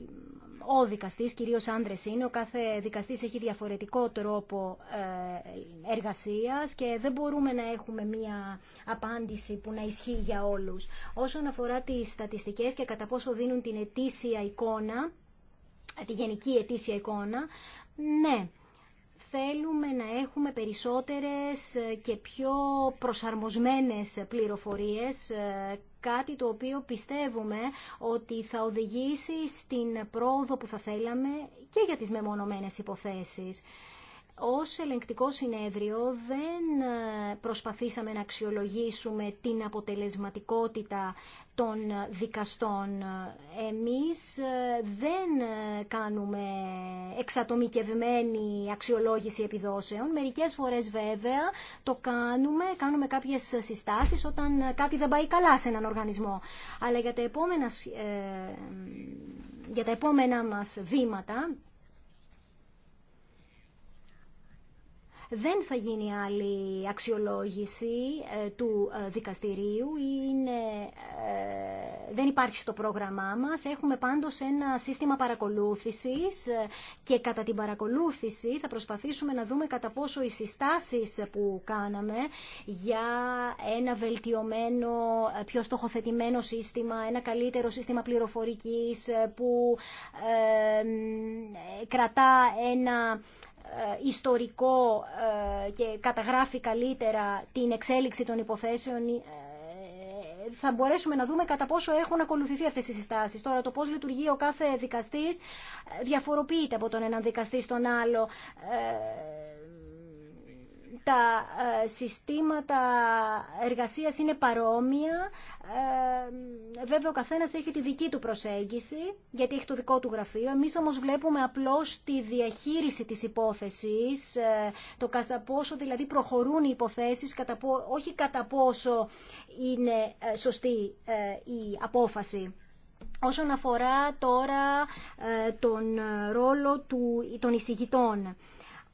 ο δικαστής, κυρίως άντρες είναι, ο κάθε δικαστής έχει διαφορετικό τρόπο ε, εργασίας και δεν μπορούμε να έχουμε μία απάντηση που να ισχύει για όλους. Όσον αφορά τις στατιστικές και κατά πόσο δίνουν την ετήσια εικόνα, τη γενική ετήσια εικόνα, ναι, θέλουμε να έχουμε περισσότερες και πιο προσαρμοσμένες πληροφορίες ε, κάτι το οποίο πιστεύουμε ότι θα οδηγήσει στην πρόοδο που θα θέλαμε και για τις μεμονωμένες υποθέσεις ως ελεγκτικό συνέδριο δεν ε, προσπαθήσαμε να αξιολογήσουμε την αποτελεσματικότητα των δικαστών. Εμείς ε, δεν ε, κάνουμε εξατομικευμένη αξιολόγηση επιδόσεων. Μερικές φορές βέβαια το κάνουμε, κάνουμε κάποιες συστάσεις όταν κάτι δεν πάει καλά σε έναν οργανισμό. Αλλά για τα επόμενα, για τα επόμενα μας βήματα δεν θα γίνει άλλη αξιολόγηση ε, του ε, δικαστηρίου. Είναι, ε, δεν υπάρχει στο πρόγραμμά μας. Έχουμε πάντως ένα σύστημα παρακολούθησης και κατά την παρακολούθηση θα προσπαθήσουμε να δούμε κατά πόσο οι συστάσεις που κάναμε για ένα βελτιωμένο, πιο στοχοθετημένο σύστημα, ένα καλύτερο σύστημα πληροφορικής που κρατά ένα ε, ιστορικό ε, και καταγράφει καλύτερα την εξέλιξη των υποθέσεων ε, θα μπορέσουμε να δούμε κατά πόσο έχουν ακολουθηθεί αυτές οι συστάσεις. Τώρα το πώς λειτουργεί ο κάθε δικαστής διαφοροποιείται από τον έναν δικαστή στον άλλο τα ε, συστήματα εργασίας είναι παρόμοια. Ε, βέβαια ο καθένας έχει τη δική του προσέγγιση, γιατί έχει το δικό του γραφείο. Εμείς όμως βλέπουμε απλώς τη διαχείριση της υπόθεσης, ε, το κατά πόσο δηλαδή προχωρούν οι υποθέσεις, όχι κατά πόσο είναι σωστή η απόφαση. Όσον αφορά τώρα τον ρόλο του, των εισηγητών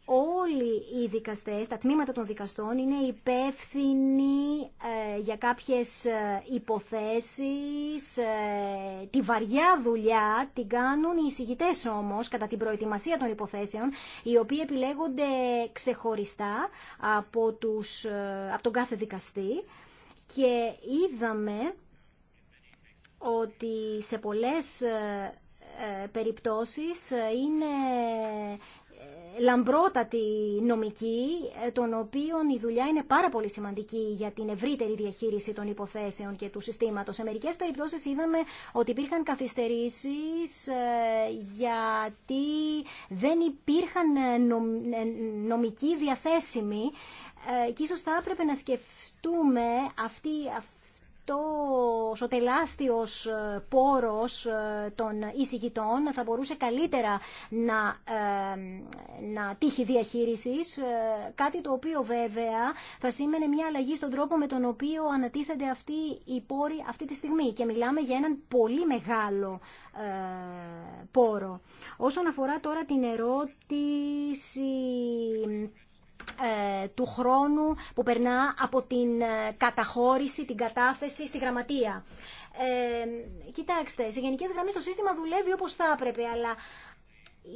όλοι οι δικαστές, τα τμήματα των δικαστών είναι υπεύθυνοι ε, για κάποιες ε, υποθέσεις, ε, τη βαριά δουλειά την κάνουν οι εισηγητές όμως κατά την προετοιμασία των υποθέσεων, οι οποίοι επιλέγονται ξεχωριστά από, τους, από τον κάθε δικαστή και είδαμε ότι σε πολλές περιπτώσεις είναι λαμπρότατη νομική, ε, των οποίων η δουλειά είναι πάρα πολύ σημαντική για την ευρύτερη διαχείριση των υποθέσεων και του συστήματο. Σε μερικέ περιπτώσει είδαμε ότι υπήρχαν καθυστερήσει ε, γιατί δεν υπήρχαν ε, νομικοί διαθέσιμοι και ίσως θα έπρεπε να σκεφτούμε αυτή, ο τελάστιος ε, πόρος ε, των εισηγητών θα μπορούσε καλύτερα να, ε, να τύχει διαχείρισης, κάτι το οποίο βέβαια θα σήμαινε μια αλλαγή στον τρόπο με τον οποίο ανατίθενται αυτοί οι πόροι αυτή τη στιγμή και μιλάμε για έναν πολύ μεγάλο πόρο. Όσον αφορά τώρα την ερώτηση ε, του χρόνου που περνά από την ε, καταχώρηση, την κατάθεση στη γραμματεία. Ε, κοιτάξτε, σε γενικές γραμμές το σύστημα δουλεύει όπως θα έπρεπε, αλλά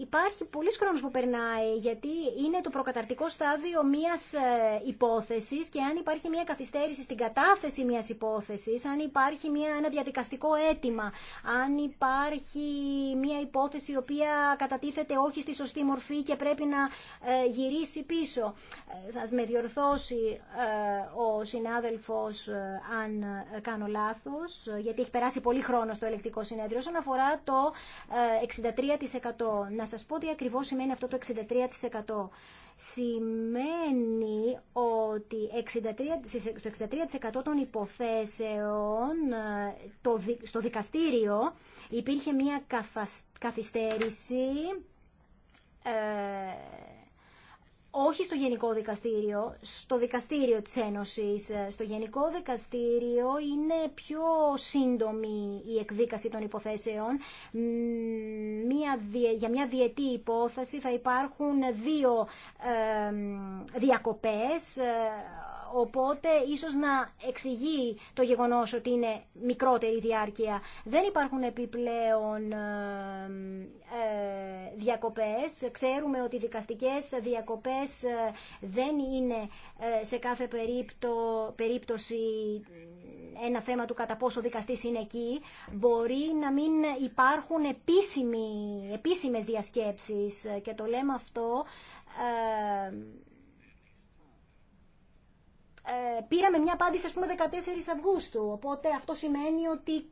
Υπάρχει πολλής χρόνος που περνάει γιατί είναι το προκαταρτικό στάδιο μιας ε, υπόθεσης και αν υπάρχει μια καθυστέρηση στην κατάθεση μιας υπόθεσης, αν υπάρχει μια, ένα διαδικαστικό αίτημα, αν υπάρχει μια υπόθεση η οποία κατατίθεται όχι στη σωστή μορφή και πρέπει να ε, γυρίσει πίσω. Ε, θα με διορθώσει ο συνάδελφος αν κάνω λάθος, γιατί έχει περάσει πολύ χρόνο στο ελεκτικό συνέδριο, όσον αφορά το 63% να σας πω τι ακριβώς σημαίνει αυτό το 63%. Σημαίνει ότι 63, στο 63% των υποθέσεων το, στο δικαστήριο υπήρχε μια καθυστέρηση ε, όχι στο Γενικό Δικαστήριο, στο Δικαστήριο της Ένωσης. Ε, στο Γενικό Δικαστήριο είναι πιο σύντομη η εκδίκαση των υποθέσεων. για μια διετή υπόθεση θα υπάρχουν δύο ε, διακοπές, ε, Οπότε ίσως να εξηγεί το γεγονός ότι είναι μικρότερη διάρκεια. Δεν υπάρχουν επιπλέον ε, ε, διακοπές. Ξέρουμε ότι οι δικαστικές διακοπές ε, δεν είναι σε κάθε περίπτωση ένα θέμα του κατά πόσο δικαστής είναι εκεί. Μπορεί να μην υπάρχουν επίσημοι, επίσημες διασκέψεις και το λέμε αυτό ε, πήραμε μια απάντηση ας πούμε 14 Αυγούστου, οπότε αυτό σημαίνει ότι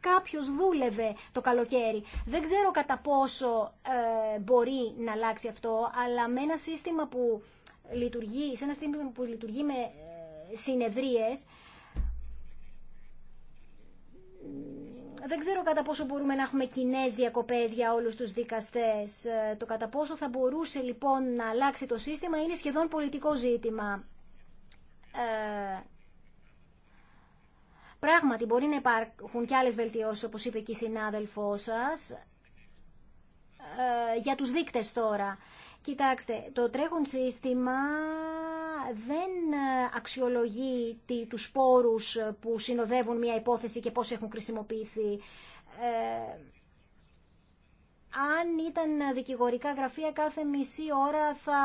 κάποιο δούλευε το καλοκαίρι. Δεν ξέρω κατά πόσο ε, μπορεί να αλλάξει αυτό, αλλά με ένα σύστημα που λειτουργεί, σε ένα σύστημα που λειτουργεί με ε, συνεδρίες, δεν ξέρω κατά πόσο μπορούμε να έχουμε κοινέ διακοπές για όλους τους δικαστές. Ε, το κατά πόσο θα μπορούσε λοιπόν να αλλάξει το σύστημα είναι σχεδόν πολιτικό ζήτημα. Ε, πράγματι μπορεί να υπάρχουν και άλλες βελτιώσεις όπως είπε και η συνάδελφό σας ε, για τους δείκτες τώρα. Κοιτάξτε, το τρέχον σύστημα δεν ε, αξιολογεί τους πόρους που συνοδεύουν μια υπόθεση και πώς έχουν χρησιμοποιηθεί αν ήταν δικηγορικά γραφεία κάθε μισή ώρα θα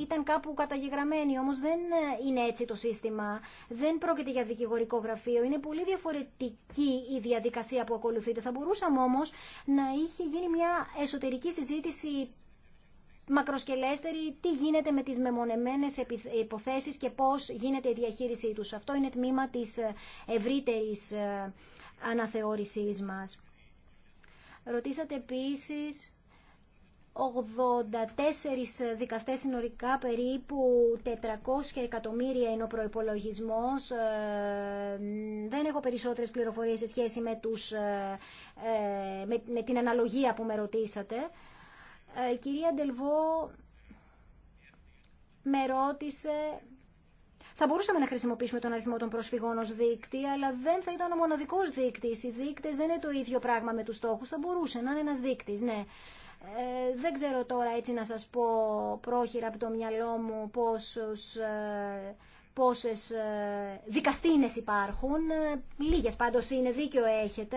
ήταν κάπου καταγεγραμμένοι. Όμως δεν είναι έτσι το σύστημα. Δεν πρόκειται για δικηγορικό γραφείο. Είναι πολύ διαφορετική η διαδικασία που ακολουθείται. Θα μπορούσαμε όμως να είχε γίνει μια εσωτερική συζήτηση μακροσκελέστερη τι γίνεται με τις μεμονεμένες υποθέσεις και πώς γίνεται η διαχείρισή τους. Αυτό είναι τμήμα της ευρύτερης ε, αναθεώρησής μας. Ρωτήσατε επίσης 84 δικαστές συνολικά, περίπου 400 εκατομμύρια είναι ο προϋπολογισμός. Ε, δεν έχω περισσότερες πληροφορίες σε σχέση με, τους, ε, ε, με, με την αναλογία που με ρωτήσατε. Η κυρία Ντελβό με ρώτησε θα μπορούσαμε να χρησιμοποιήσουμε τον αριθμό των προσφυγών ω δείκτη, αλλά δεν θα ήταν ο μοναδικό δείκτη. Οι δείκτε δεν είναι το ίδιο πράγμα με του στόχου. Θα μπορούσε να είναι ένα δείκτη, ναι. Ε, δεν ξέρω τώρα έτσι να σας πω πρόχειρα από το μυαλό μου πόσους, ε, πόσες ε, υπάρχουν. Ε, λίγες πάντως είναι, δίκιο έχετε.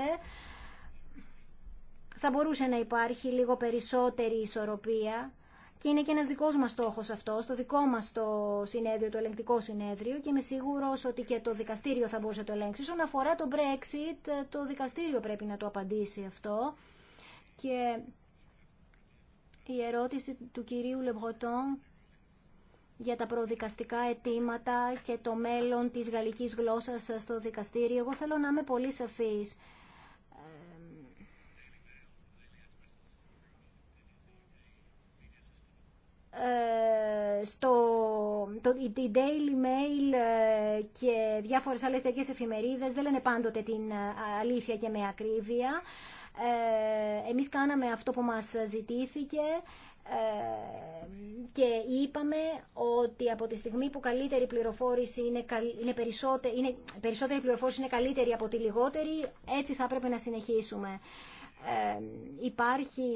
Θα μπορούσε να υπάρχει λίγο περισσότερη ισορροπία και είναι και ένας δικός μας στόχος αυτό, το δικό μας το συνέδριο, το ελεγκτικό συνέδριο και είμαι σίγουρο ότι και το δικαστήριο θα μπορούσε να το ελέγξει. Όσον αφορά το Brexit, το δικαστήριο πρέπει να το απαντήσει αυτό. Και η ερώτηση του κυρίου λεβγοτόν για τα προδικαστικά αιτήματα και το μέλλον της γαλλικής γλώσσας στο δικαστήριο. Εγώ θέλω να είμαι πολύ σαφής. Ε, στο το, η Daily Mail ε, και διάφορες άλλες τέτοιες εφημερίδες δεν λένε πάντοτε την ε, αλήθεια και με ακρίβεια. Ε, εμείς κάναμε αυτό που μας ζητήθηκε και είπαμε ότι από τη στιγμή που καλύτερη πληροφόρηση είναι, είναι, περισσότερη, είναι περισσότερη πληροφόρηση είναι καλύτερη από τη λιγότερη, έτσι θα πρέπει να συνεχίσουμε. Ε, υπάρχει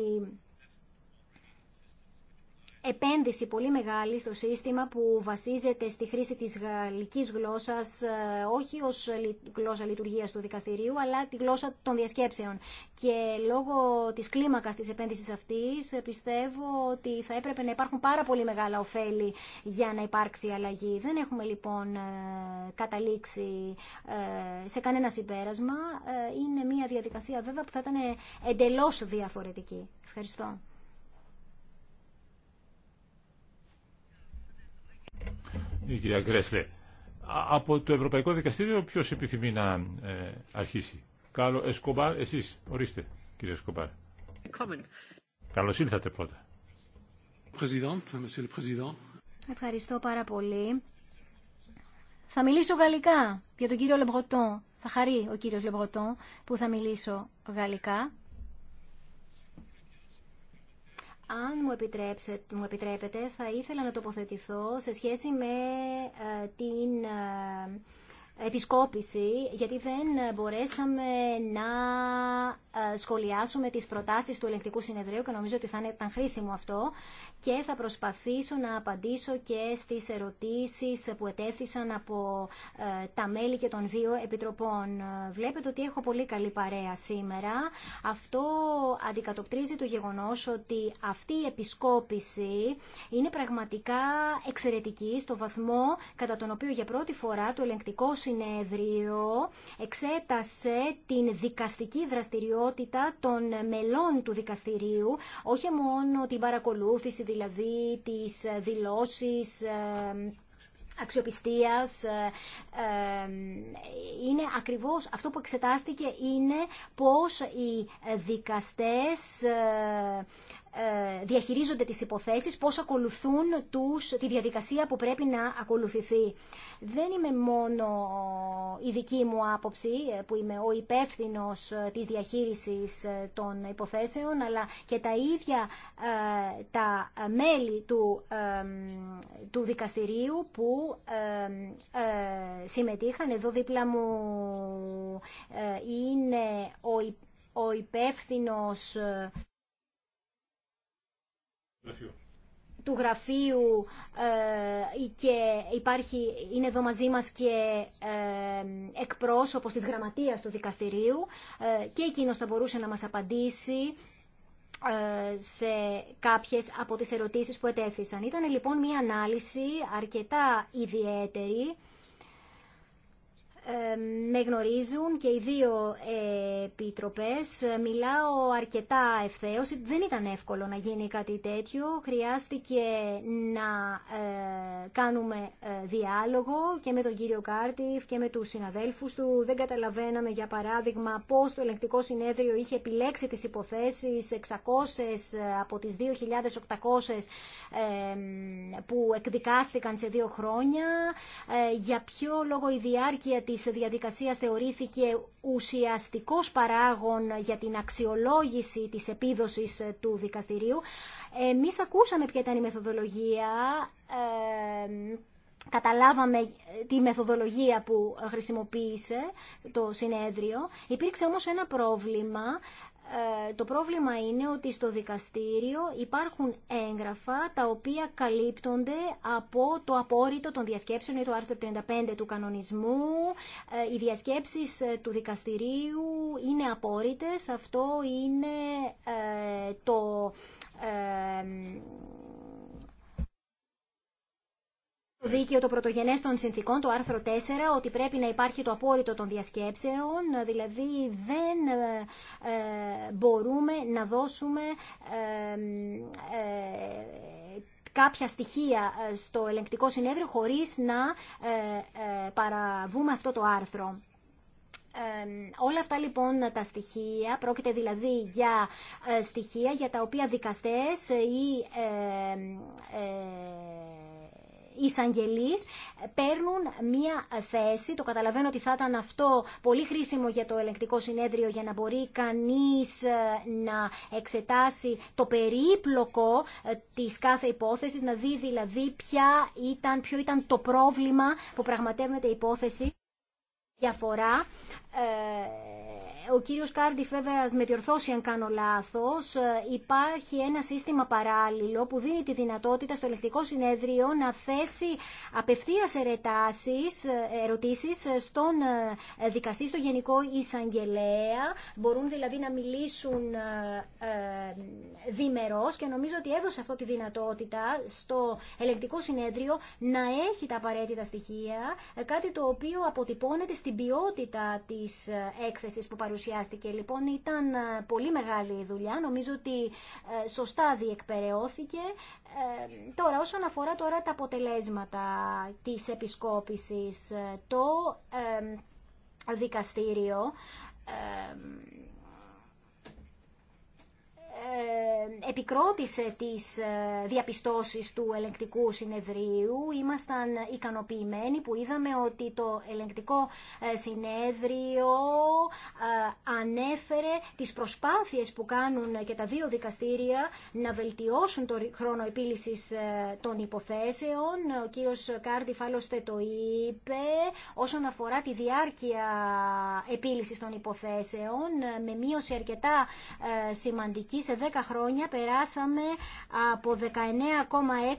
επένδυση πολύ μεγάλη στο σύστημα που βασίζεται στη χρήση της γαλλικής γλώσσας ε, όχι ως γλώσσα λειτουργίας του δικαστηρίου αλλά τη γλώσσα των διασκέψεων και λόγω της κλίμακας της επένδυσης αυτής ε, πιστεύω ότι θα έπρεπε να υπάρχουν πάρα πολύ μεγάλα ωφέλη για να υπάρξει αλλαγή. Δεν έχουμε λοιπόν ε, καταλήξει σε κανένα συμπέρασμα. Είναι μια διαδικασία βέβαια που θα ήταν εντελώς διαφορετική. Ευχαριστώ. η κυρία Γκρέσλε. Από το Ευρωπαϊκό Δικαστήριο ποιο επιθυμεί να ε, αρχίσει. Καλό Εσκομπάρ, εσεί. Ορίστε, κύριε Εσκομπάρ. Καλώ ήλθατε πρώτα. Ευχαριστώ πάρα πολύ. Θα μιλήσω γαλλικά για τον κύριο Λεμπροτόν. Θα χαρεί ο κύριος Λεμπροτόν που θα μιλήσω γαλλικά. Αν μου, επιτρέψετε, μου επιτρέπετε, θα ήθελα να τοποθετηθώ σε σχέση με ε, την ε, επισκόπηση, γιατί δεν μπορέσαμε να ε, σχολιάσουμε τις προτάσεις του ελεγκτικού συνεδρίου και νομίζω ότι θα ήταν χρήσιμο αυτό και θα προσπαθήσω να απαντήσω και στις ερωτήσεις που ετέθησαν από ε, τα μέλη και των δύο επιτροπών. Βλέπετε ότι έχω πολύ καλή παρέα σήμερα. Αυτό αντικατοπτρίζει το γεγονός ότι αυτή η επισκόπηση είναι πραγματικά εξαιρετική στο βαθμό κατά τον οποίο για πρώτη φορά το ελεγκτικό συνέδριο εξέτασε την δικαστική δραστηριότητα των μελών του δικαστηρίου, όχι μόνο την παρακολούθηση δηλαδή της δηλώσεις ε, αξιοπιστίας ε, ε, είναι ακριβώς αυτό που εξετάστηκε είναι πως οι δικαστές ε, διαχειρίζονται τις υποθέσεις, πώς ακολουθούν τους, τη διαδικασία που πρέπει να ακολουθηθεί. Δεν είμαι μόνο η δική μου άποψη, ε, που είμαι ο υπεύθυνο ε, της διαχείρισης των υποθέσεων, αλλά και τα ίδια τα μέλη του, του δικαστηρίου που συμμετείχαν. Εδώ δίπλα μου είναι ο, ο υπεύθυνος του γραφείου ε, και υπάρχει, είναι εδώ μαζί μας και ε, εκπρόσωπος της γραμματείας του δικαστηρίου ε, και εκείνος θα μπορούσε να μας απαντήσει ε, σε κάποιες από τις ερωτήσεις που ετέθησαν. Ήταν λοιπόν μια ανάλυση αρκετά ιδιαίτερη με γνωρίζουν και οι δύο ε, επιτροπέ. Μιλάω αρκετά ευθέω. Δεν ήταν εύκολο να γίνει κάτι τέτοιο. Χρειάστηκε να ε, κάνουμε ε, διάλογο και με τον κύριο Κάρτιφ και με τους συναδέλφους του. Δεν καταλαβαίναμε, για παράδειγμα, πώ το ελεγκτικό συνέδριο είχε επιλέξει τι υποθέσει 600 από τις 2.800 που εκδικάστηκαν σε δύο χρόνια. Για ποιο λόγο η διάρκεια τη της διαδικασίας θεωρήθηκε ουσιαστικός παράγων για την αξιολόγηση της επίδοσης ε, του δικαστηρίου. Εμείς ακούσαμε ποια ήταν η μεθοδολογία, καταλάβαμε ε, τη μεθοδολογία που χρησιμοποίησε το συνέδριο. Υπήρξε όμως ένα πρόβλημα ε, το πρόβλημα είναι ότι στο δικαστήριο υπάρχουν έγγραφα τα οποία καλύπτονται από το απόρριτο των διασκέψεων ή το άρθρο 35 του κανονισμού. Ε, οι διασκέψεις ε, του δικαστηρίου είναι απόρριτες. Αυτό είναι το δίκαιο το πρωτογενέ των συνθήκων, το άρθρο 4, ότι πρέπει να υπάρχει το απόρριτο των διασκέψεων, δηλαδή δεν ε, ε, μπορούμε να δώσουμε ε, κάποια στοιχεία στο ελεγκτικό συνέδριο χωρίς να παραβούμε αυτό το άρθρο. όλα αυτά λοιπόν τα στοιχεία, πρόκειται δηλαδή για στοιχεία για τα οποία δικαστές ή ε, εισαγγελεί παίρνουν μία θέση. Το καταλαβαίνω ότι θα ήταν αυτό πολύ χρήσιμο για το ελεγκτικό συνέδριο για να μπορεί κανείς ε, να εξετάσει το περίπλοκο ε, τη κάθε υπόθεσης, να δει δηλαδή ποια ήταν, ποιο ήταν το πρόβλημα που πραγματεύεται η υπόθεση διαφορά ε, ο κύριος Κάρντι βέβαια με διορθώσει αν κάνω λάθος, ε, υπάρχει ένα σύστημα παράλληλο που δίνει τη δυνατότητα στο ελεκτικό συνέδριο να θέσει απευθείας ερετάσεις, ε, ερωτήσεις ε, στον δικαστή, στο γενικό εισαγγελέα. Μπορούν δηλαδή να μιλήσουν διμερός και νομίζω ότι έδωσε αυτό τη δυνατότητα στο ελεκτικό συνέδριο να έχει τα απαραίτητα στοιχεία, κάτι το οποίο αποτυπώνεται στην ποιότητα της έκθεσης που παρουσιάζει παρουσιάστηκε λοιπόν ήταν ε, πολύ μεγάλη η δουλειά. Νομίζω ότι ε, σωστά διεκπαιρεώθηκε. Ε, τώρα όσον αφορά τώρα τα αποτελέσματα της επισκόπησης, το δικαστήριο ε, επικρότησε τις ε, διαπιστώσεις του ελεγκτικού συνεδρίου. Ήμασταν ικανοποιημένοι που είδαμε ότι το ελεγκτικό ε, συνέδριο ανέφερε τις προσπάθειες που κάνουν και τα δύο δικαστήρια να βελτιώσουν το χρόνο επίλυσης των υποθέσεων. Ο κύριος Κάρντιφ φάλωστε, το είπε όσον αφορά τη διάρκεια επίλυσης των υποθέσεων με μείωση αρκετά σημαντική 10 χρόνια περάσαμε από 19,6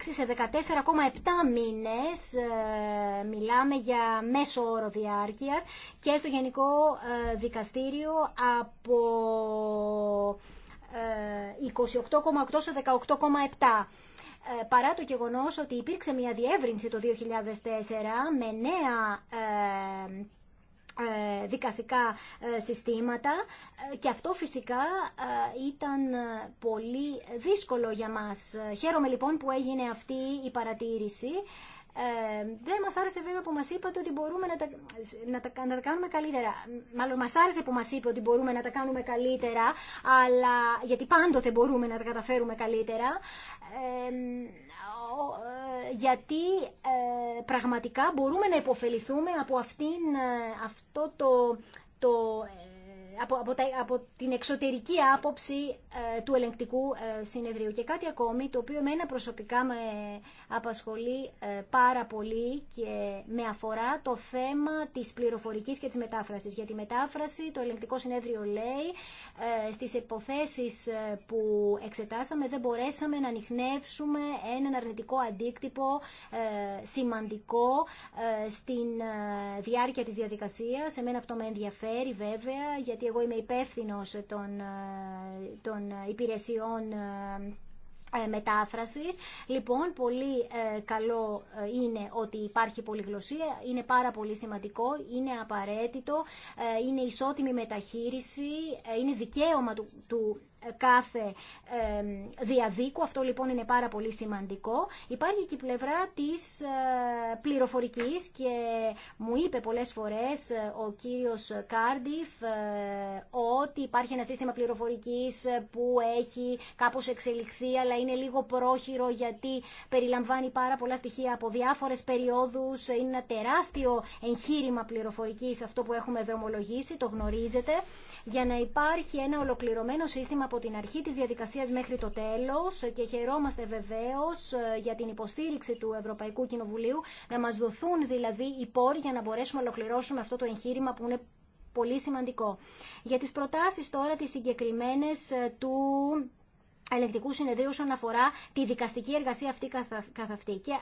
σε 14,7 μήνες. Ε, μιλάμε για μέσο όρο διάρκειας και στο Γενικό ε, Δικαστήριο από 28,8 ε, σε 18,7 παρά το γεγονός ότι υπήρξε μια διεύρυνση το 2004 με νέα ε, δικαστικά ε, συστήματα ε, και αυτό φυσικά ήταν πολύ δύσκολο για μας. Χαίρομαι λοιπόν που έγινε αυτή η παρατήρηση. Ε, δεν μας άρεσε βέβαια που μας είπατε ότι μπορούμε να τα, να, τα, κάνουμε καλύτερα. Μάλλον μας άρεσε που μας είπε ότι μπορούμε να τα κάνουμε καλύτερα, αλλά γιατί πάντοτε μπορούμε να τα καταφέρουμε καλύτερα. Ε, ε, γιατί ε, πραγματικά μπορούμε να υποφεληθούμε από αυτήν, ε, αυτό το, το από, την εξωτερική άποψη ε, του ελεγκτικού ε, συνεδρίου. Και κάτι ακόμη, το οποίο εμένα προσωπικά με απασχολεί ε, πάρα πολύ και με αφορά το θέμα της πληροφορικής και της μετάφρασης. Για τη μετάφραση το ελεγκτικό συνέδριο λέει στις υποθέσεις που εξετάσαμε δεν μπορέσαμε να ανοιχνεύσουμε έναν αρνητικό αντίκτυπο σημαντικό στην διάρκεια της διαδικασίας. Εμένα αυτό με ενδιαφέρει βέβαια, γιατί εγώ είμαι υπεύθυνο των, ε, των υπηρεσιών ε, ε, μετάφρασης. Λοιπόν, πολύ καλό είναι ότι υπάρχει πολυγλωσία, είναι πάρα πολύ σημαντικό, είναι απαραίτητο, είναι ισότιμη μεταχείριση, είναι δικαίωμα του, του κάθε διαδίκου. Αυτό λοιπόν είναι πάρα πολύ σημαντικό. Υπάρχει και η πλευρά της ε, πληροφορικής και μου είπε πολλές φορές ε, ο κύριος Κάρντιφ ε, ότι υπάρχει ένα σύστημα πληροφορικής που έχει κάπως εξελιχθεί αλλά είναι λίγο πρόχειρο γιατί περιλαμβάνει πάρα πολλά στοιχεία από διάφορες περιόδους. Είναι ένα τεράστιο εγχείρημα πληροφορικής αυτό που έχουμε δρομολογήσει, το γνωρίζετε για να υπάρχει ένα ολοκληρωμένο σύστημα από την αρχή της διαδικασίας μέχρι το τέλος και χαιρόμαστε βεβαίως ε, για την υποστήριξη του Ευρωπαϊκού Κοινοβουλίου να μας δοθούν δηλαδή οι πόροι για να μπορέσουμε να ολοκληρώσουμε αυτό το εγχείρημα που είναι πολύ σημαντικό. Για τις προτάσεις τώρα τις συγκεκριμένε ε, του ελεκτικού συνεδρίου όσον αφορά τη δικαστική εργασία αυτή καθ' αυτή. Και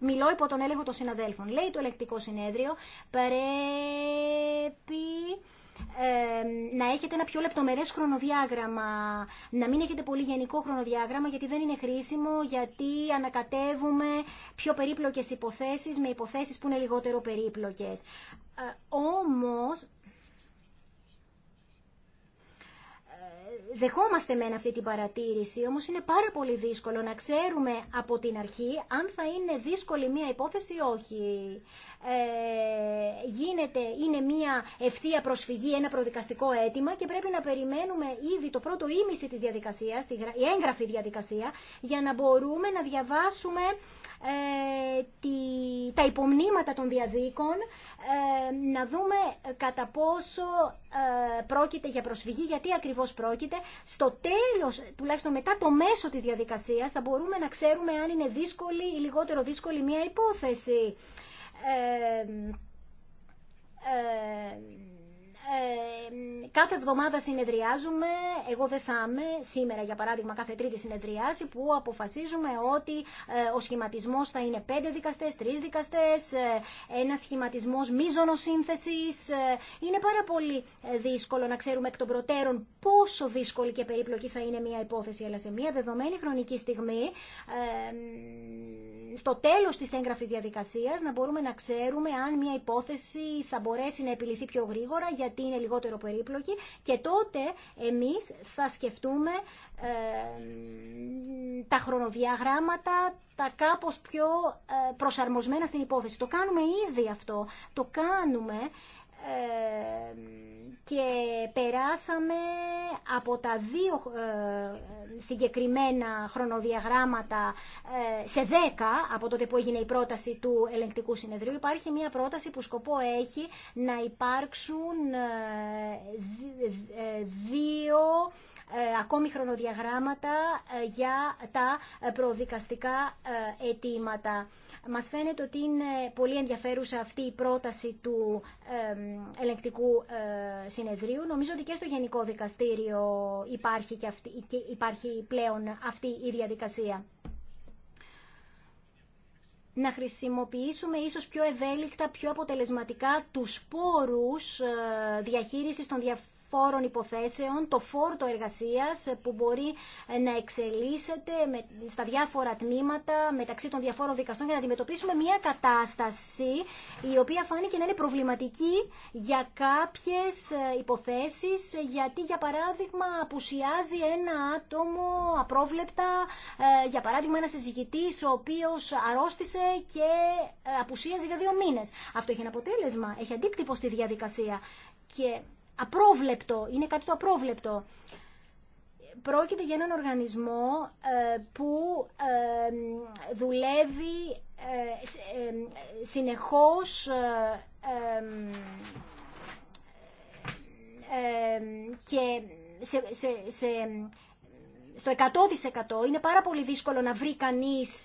μιλώ υπό τον έλεγχο των συναδέλφων. Λέει το ελεγκτικό συνέδριο πρέπει να έχετε ένα πιο λεπτομερές χρονοδιάγραμμα, να μην έχετε πολύ γενικό χρονοδιάγραμμα γιατί δεν είναι χρήσιμο, γιατί ανακατεύουμε πιο περίπλοκες υποθέσεις με υποθέσεις που είναι λιγότερο περίπλοκες. Ε, όμως δεχόμαστε μεν αυτή την παρατήρηση, όμως είναι πάρα πολύ δύσκολο να ξέρουμε από την αρχή αν θα είναι δύσκολη μία υπόθεση ή όχι. Ε, γίνεται, είναι μία ευθεία προσφυγή, ένα προδικαστικό αίτημα και πρέπει να περιμένουμε ήδη το πρώτο ίμιση της διαδικασίας, η έγγραφη να περιμενουμε ηδη το πρωτο ημιση της διαδικασιας η εγγραφη διαδικασια για να μπορούμε να διαβάσουμε ε, τα υπομνήματα των διαδίκων, ε, να δούμε κατά πόσο ε, πρόκειται για προσφυγή, γιατί ακριβώς πρόκειται. Στο τέλος, τουλάχιστον μετά το μέσο της διαδικασίας, θα μπορούμε να ξέρουμε αν είναι δύσκολη ή λιγότερο δύσκολη μια υπόθεση. Ε, ε, κάθε εβδομάδα συνεδριάζουμε, εγώ δεν θα είμαι, σήμερα για παράδειγμα κάθε τρίτη συνεδριάση, που αποφασίζουμε ότι ε, ο σχηματισμός θα είναι πέντε δικαστές, τρεις δικαστές, ε, ένα σχηματισμός μίζωνος σύνθεσης. Ε, είναι πάρα πολύ ε, δύσκολο να ξέρουμε εκ των προτέρων πόσο δύσκολη και περίπλοκη θα είναι μια υπόθεση, αλλά σε μια δεδομένη χρονική στιγμή, στο τέλος της έγγραφης διαδικασίας, να μπορούμε να ξέρουμε αν μια υπόθεση θα μπορέσει να επιληθεί πιο γρήγορα, γιατί είναι λιγότερο περίπλοκη και τότε εμείς θα σκεφτούμε ε, τα χρονοδιαγράμματα, τα κάπως πιο ε, προσαρμοσμένα στην υπόθεση. Το κάνουμε ήδη αυτό, το κάνουμε ε, και περάσαμε από τα δύο ε, συγκεκριμένα χρονοδιαγράμματα ε, σε δέκα από τότε που έγινε η πρόταση του ελεγκτικού συνεδρίου. Υπάρχει μια πρόταση που σκοπό έχει να υπάρξουν δύο ε, ακόμη χρονοδιαγράμματα ε, για τα ε, προδικαστικά αιτήματα. Μας φαίνεται ότι είναι πολύ ενδιαφέρουσα αυτή η πρόταση του ελεγκτικού συνεδρίου. Νομίζω ότι και στο Γενικό Δικαστήριο υπάρχει, και αυτή, και υπάρχει πλέον αυτή η διαδικασία να χρησιμοποιήσουμε ίσως πιο ευέλικτα, πιο αποτελεσματικά τους πόρους διαχείρισης των σπόρων υποθέσεων, το φόρτο εργασίας που μπορεί να εξελίσσεται στα διάφορα τμήματα μεταξύ των διαφόρων δικαστών για να αντιμετωπίσουμε μια κατάσταση η οποία φάνηκε να είναι προβληματική για κάποιες ε, υποθέσεις γιατί για παράδειγμα απουσιάζει ένα άτομο απρόβλεπτα ε, για παράδειγμα ένα συζητητής ο οποίος αρρώστησε και ε, απουσίαζε για δύο μήνες. Αυτό έχει ένα αποτέλεσμα, έχει αντίκτυπο στη διαδικασία και απρόβλεπτο, είναι κάτι το απρόβλεπτο. Πρόκειται για έναν οργανισμό ε, που ε, δουλεύει ε, συνεχώς και σε, σε, σε, στο 100% είναι πάρα πολύ δύσκολο να βρει κανείς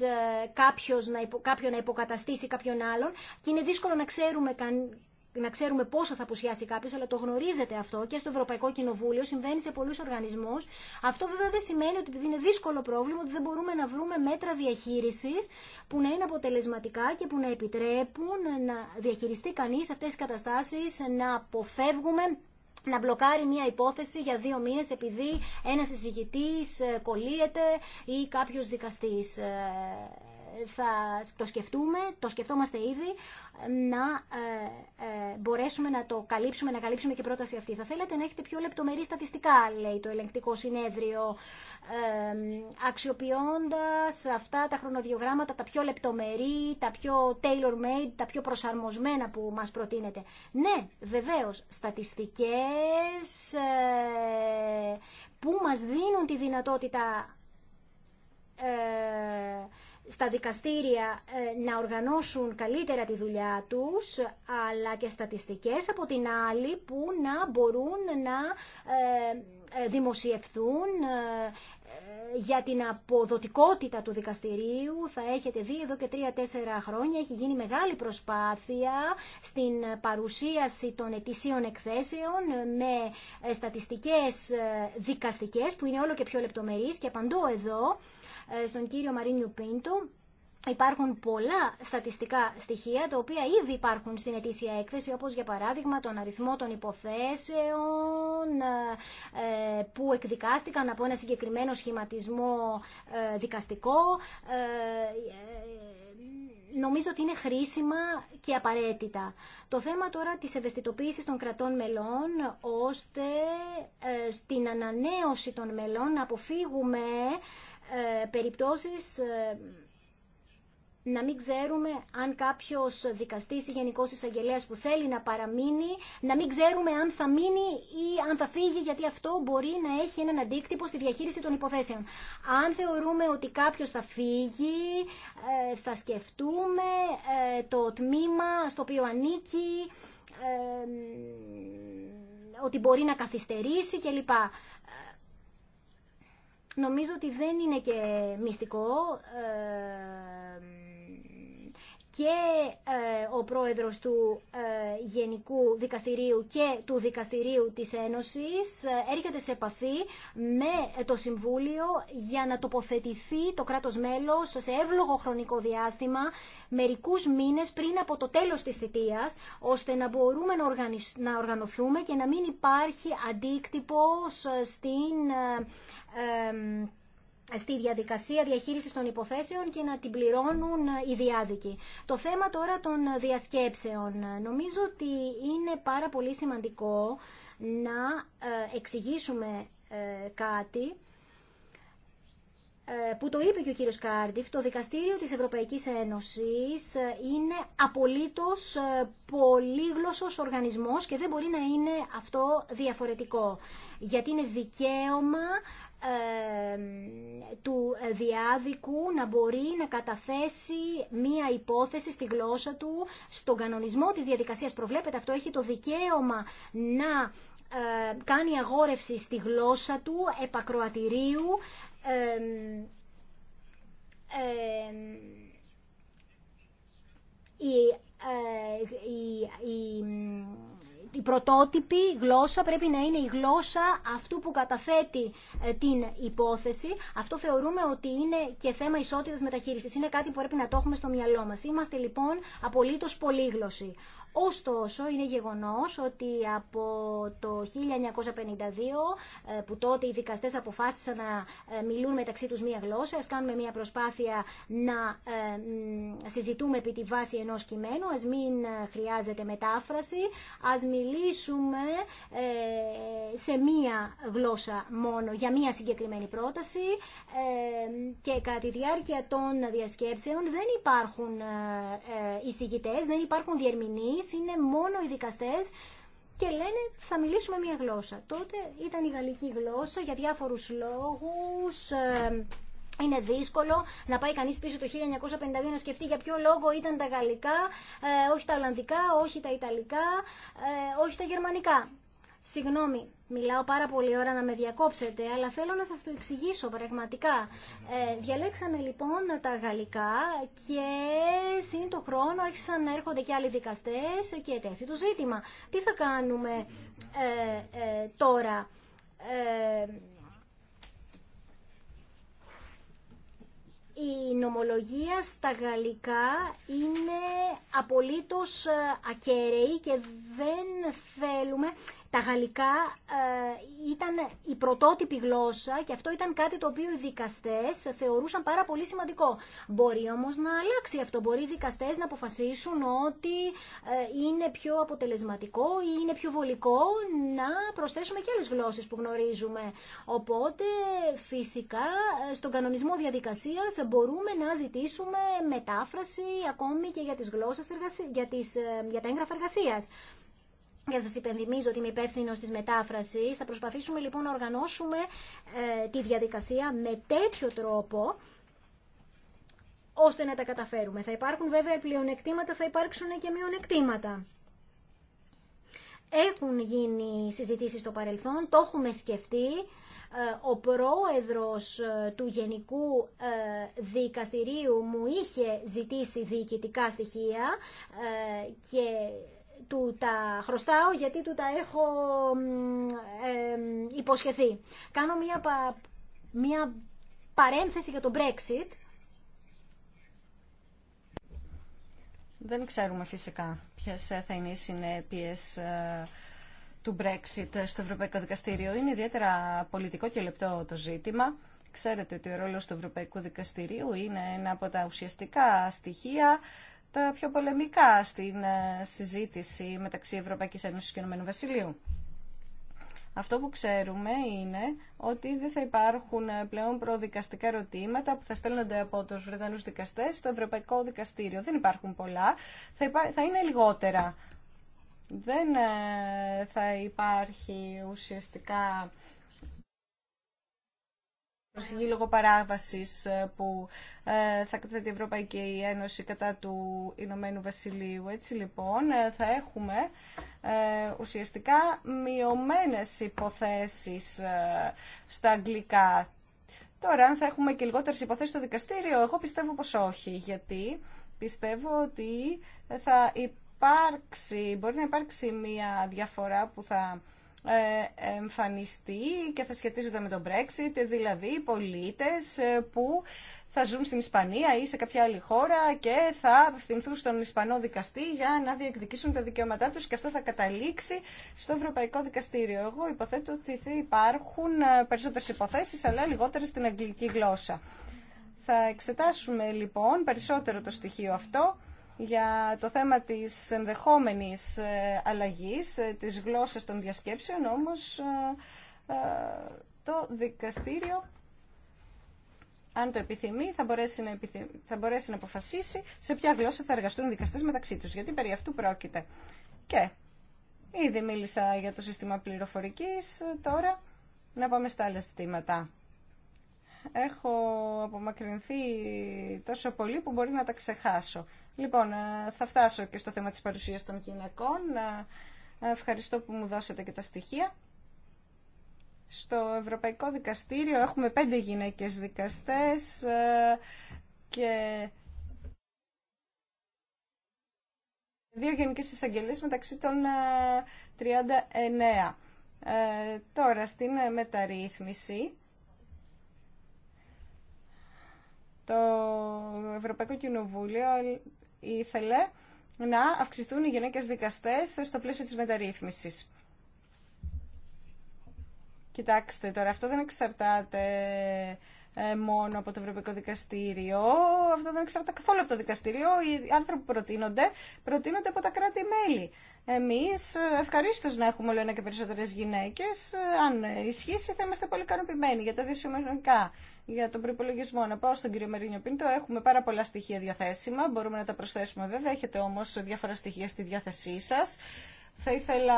κάποιος, να υπο, κάποιον να υποκαταστήσει κάποιον άλλον και είναι δύσκολο να ξέρουμε καν, να ξέρουμε πόσο θα απουσιάσει κάποιο, αλλά το γνωρίζετε αυτό και στο Ευρωπαϊκό Κοινοβούλιο, συμβαίνει σε πολλού οργανισμού. Αυτό βέβαια δεν σημαίνει ότι επειδή είναι δύσκολο πρόβλημα, ότι δεν μπορούμε να βρούμε μέτρα διαχείριση που να είναι αποτελεσματικά και που να επιτρέπουν να διαχειριστεί κανεί αυτέ τι καταστάσει, να αποφεύγουμε να μπλοκάρει μια υπόθεση για δύο μήνες επειδή ένα συζητητή ε, κολλείεται ή κάποιο δικαστή. Ε, θα το σκεφτούμε, το σκεφτόμαστε ήδη, να ε, ε, μπορέσουμε να το καλύψουμε, να καλύψουμε και πρόταση αυτή. Θα θέλετε να έχετε πιο λεπτομερή στατιστικά, λέει το ελεγκτικό συνέδριο, αξιοποιώντας αυτά τα χρονοδιογράμματα, τα πιο λεπτομερή, τα πιο tailor-made, τα πιο προσαρμοσμένα που μας προτείνεται. Ναι, βεβαίως, στατιστικές ε, που μας δίνουν τη δυνατότητα στα δικαστήρια ε, να οργανώσουν καλύτερα τη δουλειά τους, αλλά και στατιστικές από την άλλη που να μπορούν να ε, ε, δημοσιευθούν για την αποδοτικότητα του δικαστηρίου. Θα έχετε δει εδώ και τρία-τέσσερα χρόνια έχει γίνει μεγάλη προσπάθεια στην παρουσίαση των ετησίων εκθέσεων με στατιστικές δικαστικές που είναι όλο και πιο λεπτομερείς και απαντώ εδώ ε, στον κύριο Μαρίνιου Πίντου. Υπάρχουν πολλά στατιστικά στοιχεία τα οποία ήδη υπάρχουν στην ετήσια έκθεση όπως για παράδειγμα τον αριθμό των υποθέσεων ε, που εκδικάστηκαν από ένα συγκεκριμένο σχηματισμό ε, δικαστικό. Νομίζω ότι είναι χρήσιμα και απαραίτητα. Το θέμα τώρα της ευαισθητοποίησης των κρατών μελών ώστε στην ανανέωση των μελών να αποφύγουμε ε, περιπτώσεις ε, να μην ξέρουμε αν κάποιος δικαστής ή γενικός εισαγγελέας που θέλει να παραμείνει, να μην ξέρουμε αν θα μείνει ή αν θα φύγει, γιατί αυτό μπορεί να έχει έναν αντίκτυπο στη διαχείριση των υποθέσεων. Αν θεωρούμε ότι κάποιος θα φύγει, ε, θα σκεφτούμε το τμήμα στο οποίο ανήκει, ότι μπορεί να καθυστερήσει κλπ νομίζω ότι δεν είναι και μυστικό. Ε, και ε, ο πρόεδρος του ε, Γενικού Δικαστηρίου και του Δικαστηρίου της Ένωσης ε, έρχεται σε επαφή με το Συμβούλιο για να τοποθετηθεί το κράτος μέλος σε εύλογο χρονικό διάστημα μερικούς μήνες πριν από το τέλος της θητείας ώστε να μπορούμε να οργανωθούμε και να μην υπάρχει αντίκτυπος στην στη διαδικασία διαχείρισης των υποθέσεων και να την πληρώνουν ε, οι διάδικοι. Το θέμα τώρα των διασκέψεων. Νομίζω ότι είναι πάρα πολύ σημαντικό να ε, εξηγήσουμε ε, κάτι που το είπε και ο κύριος Κάρντιφ, το Δικαστήριο της Ευρωπαϊκής Ένωσης είναι απολύτως πολύγλωσσος οργανισμός και δεν μπορεί να είναι αυτό διαφορετικό. Γιατί είναι δικαίωμα του διάδικου να μπορεί να καταθέσει μία υπόθεση στη γλώσσα του στον κανονισμό της διαδικασίας προβλέπεται αυτό έχει το δικαίωμα να ε, κάνει αγόρευση στη γλώσσα του επακροατηρίου ε, η, η, η η πρωτότυπη γλώσσα πρέπει να είναι η γλώσσα αυτού που καταθέτει ε, την υπόθεση. Αυτό θεωρούμε ότι είναι και θέμα ισότητας μεταχείρισης. Είναι κάτι που πρέπει να το έχουμε στο μυαλό μας. Είμαστε λοιπόν απολύτως πολύγλωσσοι. Ωστόσο, είναι γεγονός ότι από το 1952, ε, που τότε οι δικαστές αποφάσισαν να ε, μιλούν μεταξύ τους μία γλώσσα, ας κάνουμε μία προσπάθεια να ε, συζητούμε επί τη βάση ενός κειμένου, ας μην χρειάζεται μετάφραση, ας μιλήσουμε σε μία γλώσσα μόνο για μία συγκεκριμένη πρόταση και κατά τη διάρκεια των διασκέψεων δεν υπάρχουν εισηγητές, δεν υπάρχουν διερμηνείς, είναι μόνο οι δικαστές και λένε θα μιλήσουμε μία γλώσσα. Τότε ήταν η γαλλική γλώσσα για διάφορους λόγους, ε, είναι δύσκολο να πάει κανείς πίσω το 1952 να σκεφτεί για ποιο λόγο ήταν τα γαλλικά, ε, όχι τα ολλανδικά, όχι τα ιταλικά, ε, όχι τα γερμανικά. Συγγνώμη, μιλάω πάρα πολύ ώρα να με διακόψετε, αλλά θέλω να σας το εξηγήσω πραγματικά. Ε, διαλέξαμε λοιπόν τα γαλλικά και σύν το χρόνο άρχισαν να έρχονται και άλλοι δικαστές και τέτοιο ζήτημα. Τι θα κάνουμε ε, ε, τώρα. η νομολογία στα γαλλικά είναι απολύτως ακέραιη και δεν θέλουμε τα γαλλικά ε, ήταν η πρωτότυπη γλώσσα και αυτό ήταν κάτι το οποίο οι δικαστές θεωρούσαν πάρα πολύ σημαντικό. Μπορεί όμως να αλλάξει αυτό. Μπορεί οι δικαστές να αποφασίσουν ότι ε, είναι πιο αποτελεσματικό ή είναι πιο βολικό να προσθέσουμε και άλλες γλώσσες που γνωρίζουμε. Οπότε φυσικά ε, στον κανονισμό διαδικασίας μπορούμε να ζητήσουμε μετάφραση ακόμη και για τις γλώσσες για, τις, για τα έγγραφα εργασίας για σα υπενθυμίζω ότι είμαι υπεύθυνο τη μετάφραση, Θα προσπαθήσουμε λοιπόν να οργανώσουμε ε, τη διαδικασία με τέτοιο τρόπο ώστε να τα καταφέρουμε. Θα υπάρχουν βέβαια πλεονεκτήματα, θα υπάρξουν και μειονεκτήματα. Έχουν γίνει συζητήσεις στο παρελθόν, το έχουμε σκεφτεί. Ε, ο πρόεδρος ε, του Γενικού Δικαστηρίου μου είχε ζητήσει διοικητικά στοιχεία και του τα χρωστάω γιατί του τα έχω ε, υποσχεθεί. Κάνω μια, πα, μια παρένθεση για το Brexit. Δεν ξέρουμε φυσικά ποιες ε, θα είναι οι συνέπειες ε, του Brexit στο Ευρωπαϊκό Δικαστήριο. Είναι ιδιαίτερα πολιτικό και λεπτό το ζήτημα. Ξέρετε ότι ο ρόλος του Ευρωπαϊκού Δικαστηρίου είναι ένα από τα ουσιαστικά στοιχεία τα πιο πολεμικά στην ε, συζήτηση μεταξύ Ευρωπαϊκής Ένωσης και Ηνωμένου Βασιλείου. Αυτό που ξέρουμε είναι ότι δεν θα υπάρχουν ε, πλέον προδικαστικά ερωτήματα που θα στέλνονται από τους Βρετανούς δικαστές στο Ευρωπαϊκό Δικαστήριο. Δεν υπάρχουν πολλά, θα, θα είναι λιγότερα. Δεν ε, θα υπάρχει ουσιαστικά προσφυγή λόγω παράβαση ε, που ε, θα καταθέτει η Ευρωπαϊκή Ένωση κατά του Ηνωμένου Βασιλείου. Έτσι λοιπόν ε, θα έχουμε ουσιαστικά μειωμένες υποθέσεις στα αγγλικά. Τώρα αν θα έχουμε και λιγότερε υποθέσεις στο δικαστήριο, εγώ πιστεύω πως όχι, γιατί πιστεύω ότι θα υπάρξει, μπορεί να υπάρξει μια διαφορά που θα ε, εμφανιστεί και θα σχετίζεται με τον Brexit, δηλαδή πολίτες ε, που θα ζουν στην Ισπανία ή σε κάποια άλλη χώρα και θα απευθυνθούν στον Ισπανό δικαστή για να διεκδικήσουν τα δικαιώματά τους και αυτό θα καταλήξει στο Ευρωπαϊκό Δικαστήριο. Εγώ υποθέτω ότι θα υπάρχουν ε, περισσότερες υποθέσεις αλλά λιγότερες στην αγγλική γλώσσα. Θα εξετάσουμε λοιπόν περισσότερο το στοιχείο αυτό για το θέμα της ενδεχόμενης ε, αλλαγής ε, της γλώσσας των διασκέψεων, όμως ε, το δικαστήριο, αν το επιθυμεί, θα μπορέσει να, επιθυμεί, θα μπορέσει να αποφασίσει σε ποια γλώσσα θα εργαστούν οι δικαστές μεταξύ τους, γιατί περί αυτού πρόκειται. Και ήδη μίλησα για το σύστημα πληροφορικής, τώρα να πάμε στα άλλα ζητήματα έχω απομακρυνθεί τόσο πολύ που μπορεί να τα ξεχάσω. Λοιπόν, ε, θα φτάσω και στο θέμα της παρουσίας των γυναικών. Ε, ευχαριστώ που μου δώσατε και τα στοιχεία. Στο Ευρωπαϊκό Δικαστήριο έχουμε πέντε γυναίκες δικαστές ε, και δύο γενικές εισαγγελίες μεταξύ των 39. Ε, τώρα, στην μεταρρύθμιση Το Ευρωπαϊκό Κοινοβούλιο ήθελε να αυξηθούν οι γυναίκες δικαστές στο πλαίσιο της μεταρρύθμισης. Κοιτάξτε τώρα, αυτό δεν εξαρτάται ε, μόνο από το Ευρωπαϊκό Δικαστήριο. Αυτό δεν εξαρτάται καθόλου από το δικαστήριο. Οι άνθρωποι που προτείνονται, προτείνονται από τα κράτη-μέλη. Εμείς ε, ευχαρίστω να έχουμε όλο ένα και περισσότερε γυναίκε. Ε, αν ισχύσει, θα είμαστε πολύ ικανοποιημένοι για τα δύο για τον προπολογισμό. Να πάω στον κύριο Μερίνιο Πίντο. Έχουμε πάρα πολλά στοιχεία διαθέσιμα. Μπορούμε να τα προσθέσουμε βέβαια. Έχετε όμω διάφορα στοιχεία στη διάθεσή σα. Θα ήθελα,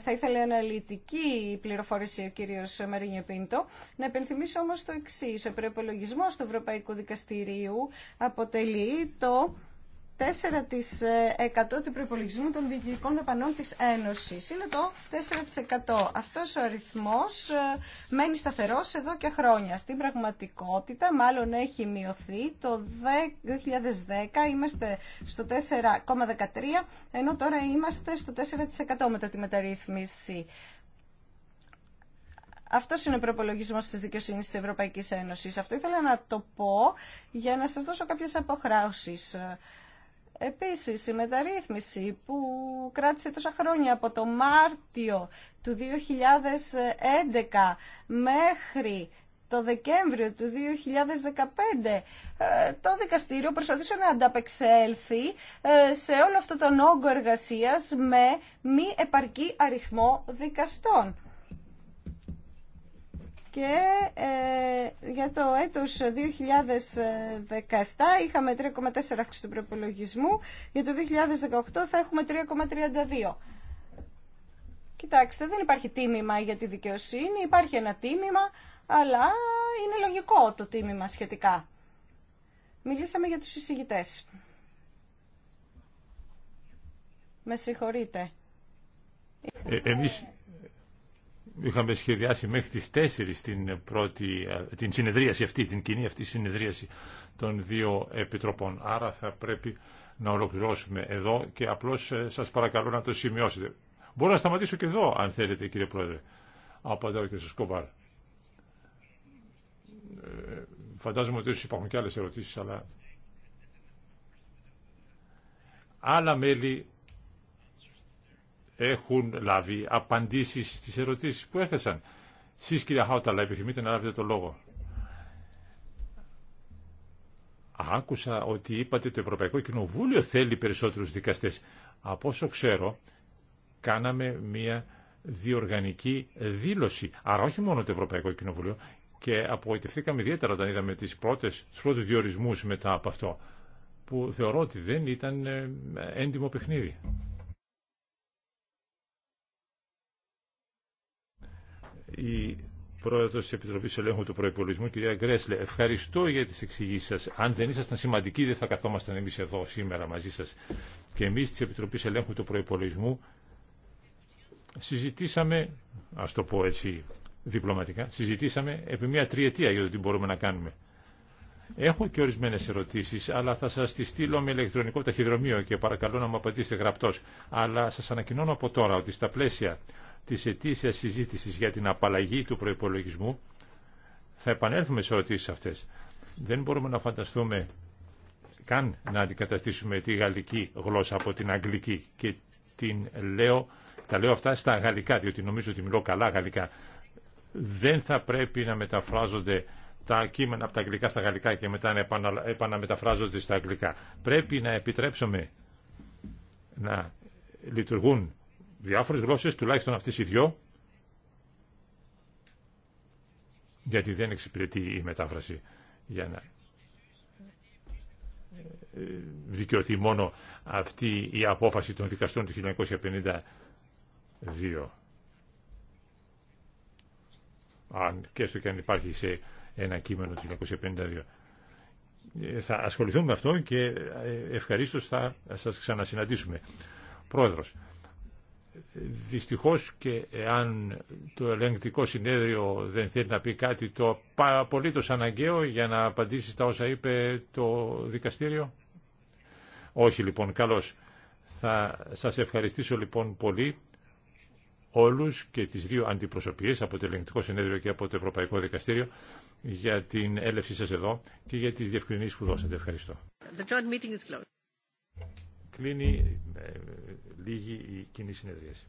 θα ήθελα αναλυτική πληροφόρηση ο κύριο Μαρίνιο Πίντο. Να επενθυμίσω όμω το εξή. Ο προπολογισμό του Ευρωπαϊκού Δικαστηρίου αποτελεί το 4% του προπολογισμού των διοικητικών δαπανών της Ένωσης. Είναι το 4%. Αυτός ο αριθμός ε, μένει σταθερός εδώ και χρόνια. Στην πραγματικότητα μάλλον έχει μειωθεί. Το 2010 είμαστε στο 4,13 ενώ τώρα είμαστε στο 4% μετά τη μεταρρύθμιση. Αυτό είναι ο προπολογισμό τη δικαιοσύνη τη Ευρωπαϊκή Ένωση. Αυτό ήθελα να το πω για να σα δώσω κάποιε αποχράσει. Επίσης, η μεταρρύθμιση που κράτησε τόσα χρόνια από το Μάρτιο του 2011 μέχρι το Δεκέμβριο του 2015 ε, το δικαστήριο προσπαθούσε να ανταπεξέλθει ε, σε όλο αυτό τον όγκο εργασίας με μη επαρκή αριθμό δικαστών και ε, για το έτος 2017 είχαμε 3,4 αύξηση του προπολογισμού, για το 2018 θα έχουμε 3,32. Κοιτάξτε, δεν υπάρχει τίμημα για τη δικαιοσύνη, υπάρχει ένα τίμημα, αλλά είναι λογικό το τίμημα σχετικά. Μιλήσαμε για τους εισηγητές. Με συγχωρείτε. Ε, εμείς είχαμε σχεδιάσει μέχρι τις 4 την, πρώτη, ε, την συνεδρίαση αυτή, την κοινή αυτή συνεδρίαση των δύο επιτροπών. Άρα θα πρέπει να ολοκληρώσουμε εδώ και απλώς ε, σας παρακαλώ να το σημειώσετε. Μπορώ να σταματήσω και εδώ, αν θέλετε, κύριε Πρόεδρε. Απαντάω και στο Σκομπάρ. Ε, φαντάζομαι ότι όσοι υπάρχουν και άλλες ερωτήσεις, αλλά άλλα μέλη έχουν λάβει απαντήσεις στις ερωτήσεις που έθεσαν. Σεις κυρία Χάουταλα επιθυμείτε να λάβετε το λόγο. Άκουσα ότι είπατε το Ευρωπαϊκό Κοινοβούλιο θέλει περισσότερους δικαστές. Από όσο ξέρω, κάναμε μια διοργανική δήλωση. Άρα όχι μόνο το Ευρωπαϊκό Κοινοβούλιο και απογοητευθήκαμε ιδιαίτερα όταν είδαμε τις πρώτες, τους πρώτους διορισμούς μετά από αυτό που θεωρώ ότι δεν ήταν ε, έντιμο παιχνίδι. η πρόεδρος της Επιτροπής Ελέγχου του Προϋπολογισμού, κυρία Γκρέσλε. Ευχαριστώ για τις εξηγήσεις σας. Αν δεν ήσασταν σημαντικοί δεν θα καθόμασταν εμείς εδώ σήμερα μαζί σας. Και εμείς της Επιτροπής Ελέγχου του Προϋπολογισμού συζητήσαμε, ας το πω έτσι διπλωματικά, συζητήσαμε επί μια τριετία για το τι μπορούμε να κάνουμε. Έχω και ορισμένε ερωτήσει, αλλά θα σα τι στείλω με ηλεκτρονικό ταχυδρομείο και παρακαλώ να μου απαντήσετε γραπτώ. Αλλά σα ανακοινώνω από τώρα ότι στα πλαίσια τη ετήσια συζήτηση για την απαλλαγή του προπολογισμού θα επανέλθουμε σε ερωτήσει αυτέ. Δεν μπορούμε να φανταστούμε καν να αντικαταστήσουμε τη γαλλική γλώσσα από την αγγλική και την λέω, τα λέω αυτά στα γαλλικά διότι νομίζω ότι μιλώ καλά γαλλικά. Δεν θα πρέπει να μεταφράζονται τα κείμενα από τα αγγλικά στα γαλλικά και μετά να επαναμεταφράζονται στα αγγλικά. Πρέπει να επιτρέψουμε να λειτουργούν διάφορε γλώσσες, τουλάχιστον αυτέ οι δυο, γιατί δεν εξυπηρετεί η μετάφραση για να ε, δικαιωθεί μόνο αυτή η απόφαση των δικαστών του 1952. Αν και έστω και αν υπάρχει σε ένα κείμενο του 1952. Ε, θα ασχοληθούμε με αυτό και ε, ευχαρίστω θα σας ξανασυναντήσουμε. Πρόεδρος, δυστυχώς και αν το ελεγκτικό συνέδριο δεν θέλει να πει κάτι το απολύτως αναγκαίο για να απαντήσει στα όσα είπε το δικαστήριο. Όχι λοιπόν, καλώς. Θα σας ευχαριστήσω λοιπόν πολύ όλους και τις δύο αντιπροσωπείες από το Ελεγκτικό Συνέδριο και από το Ευρωπαϊκό Δικαστήριο για την έλευση σας εδώ και για τις διευκρινήσεις που δώσατε. Ευχαριστώ. The joint meeting is closed. Κλείνει ε, λίγη η κοινή συνεδρίαση.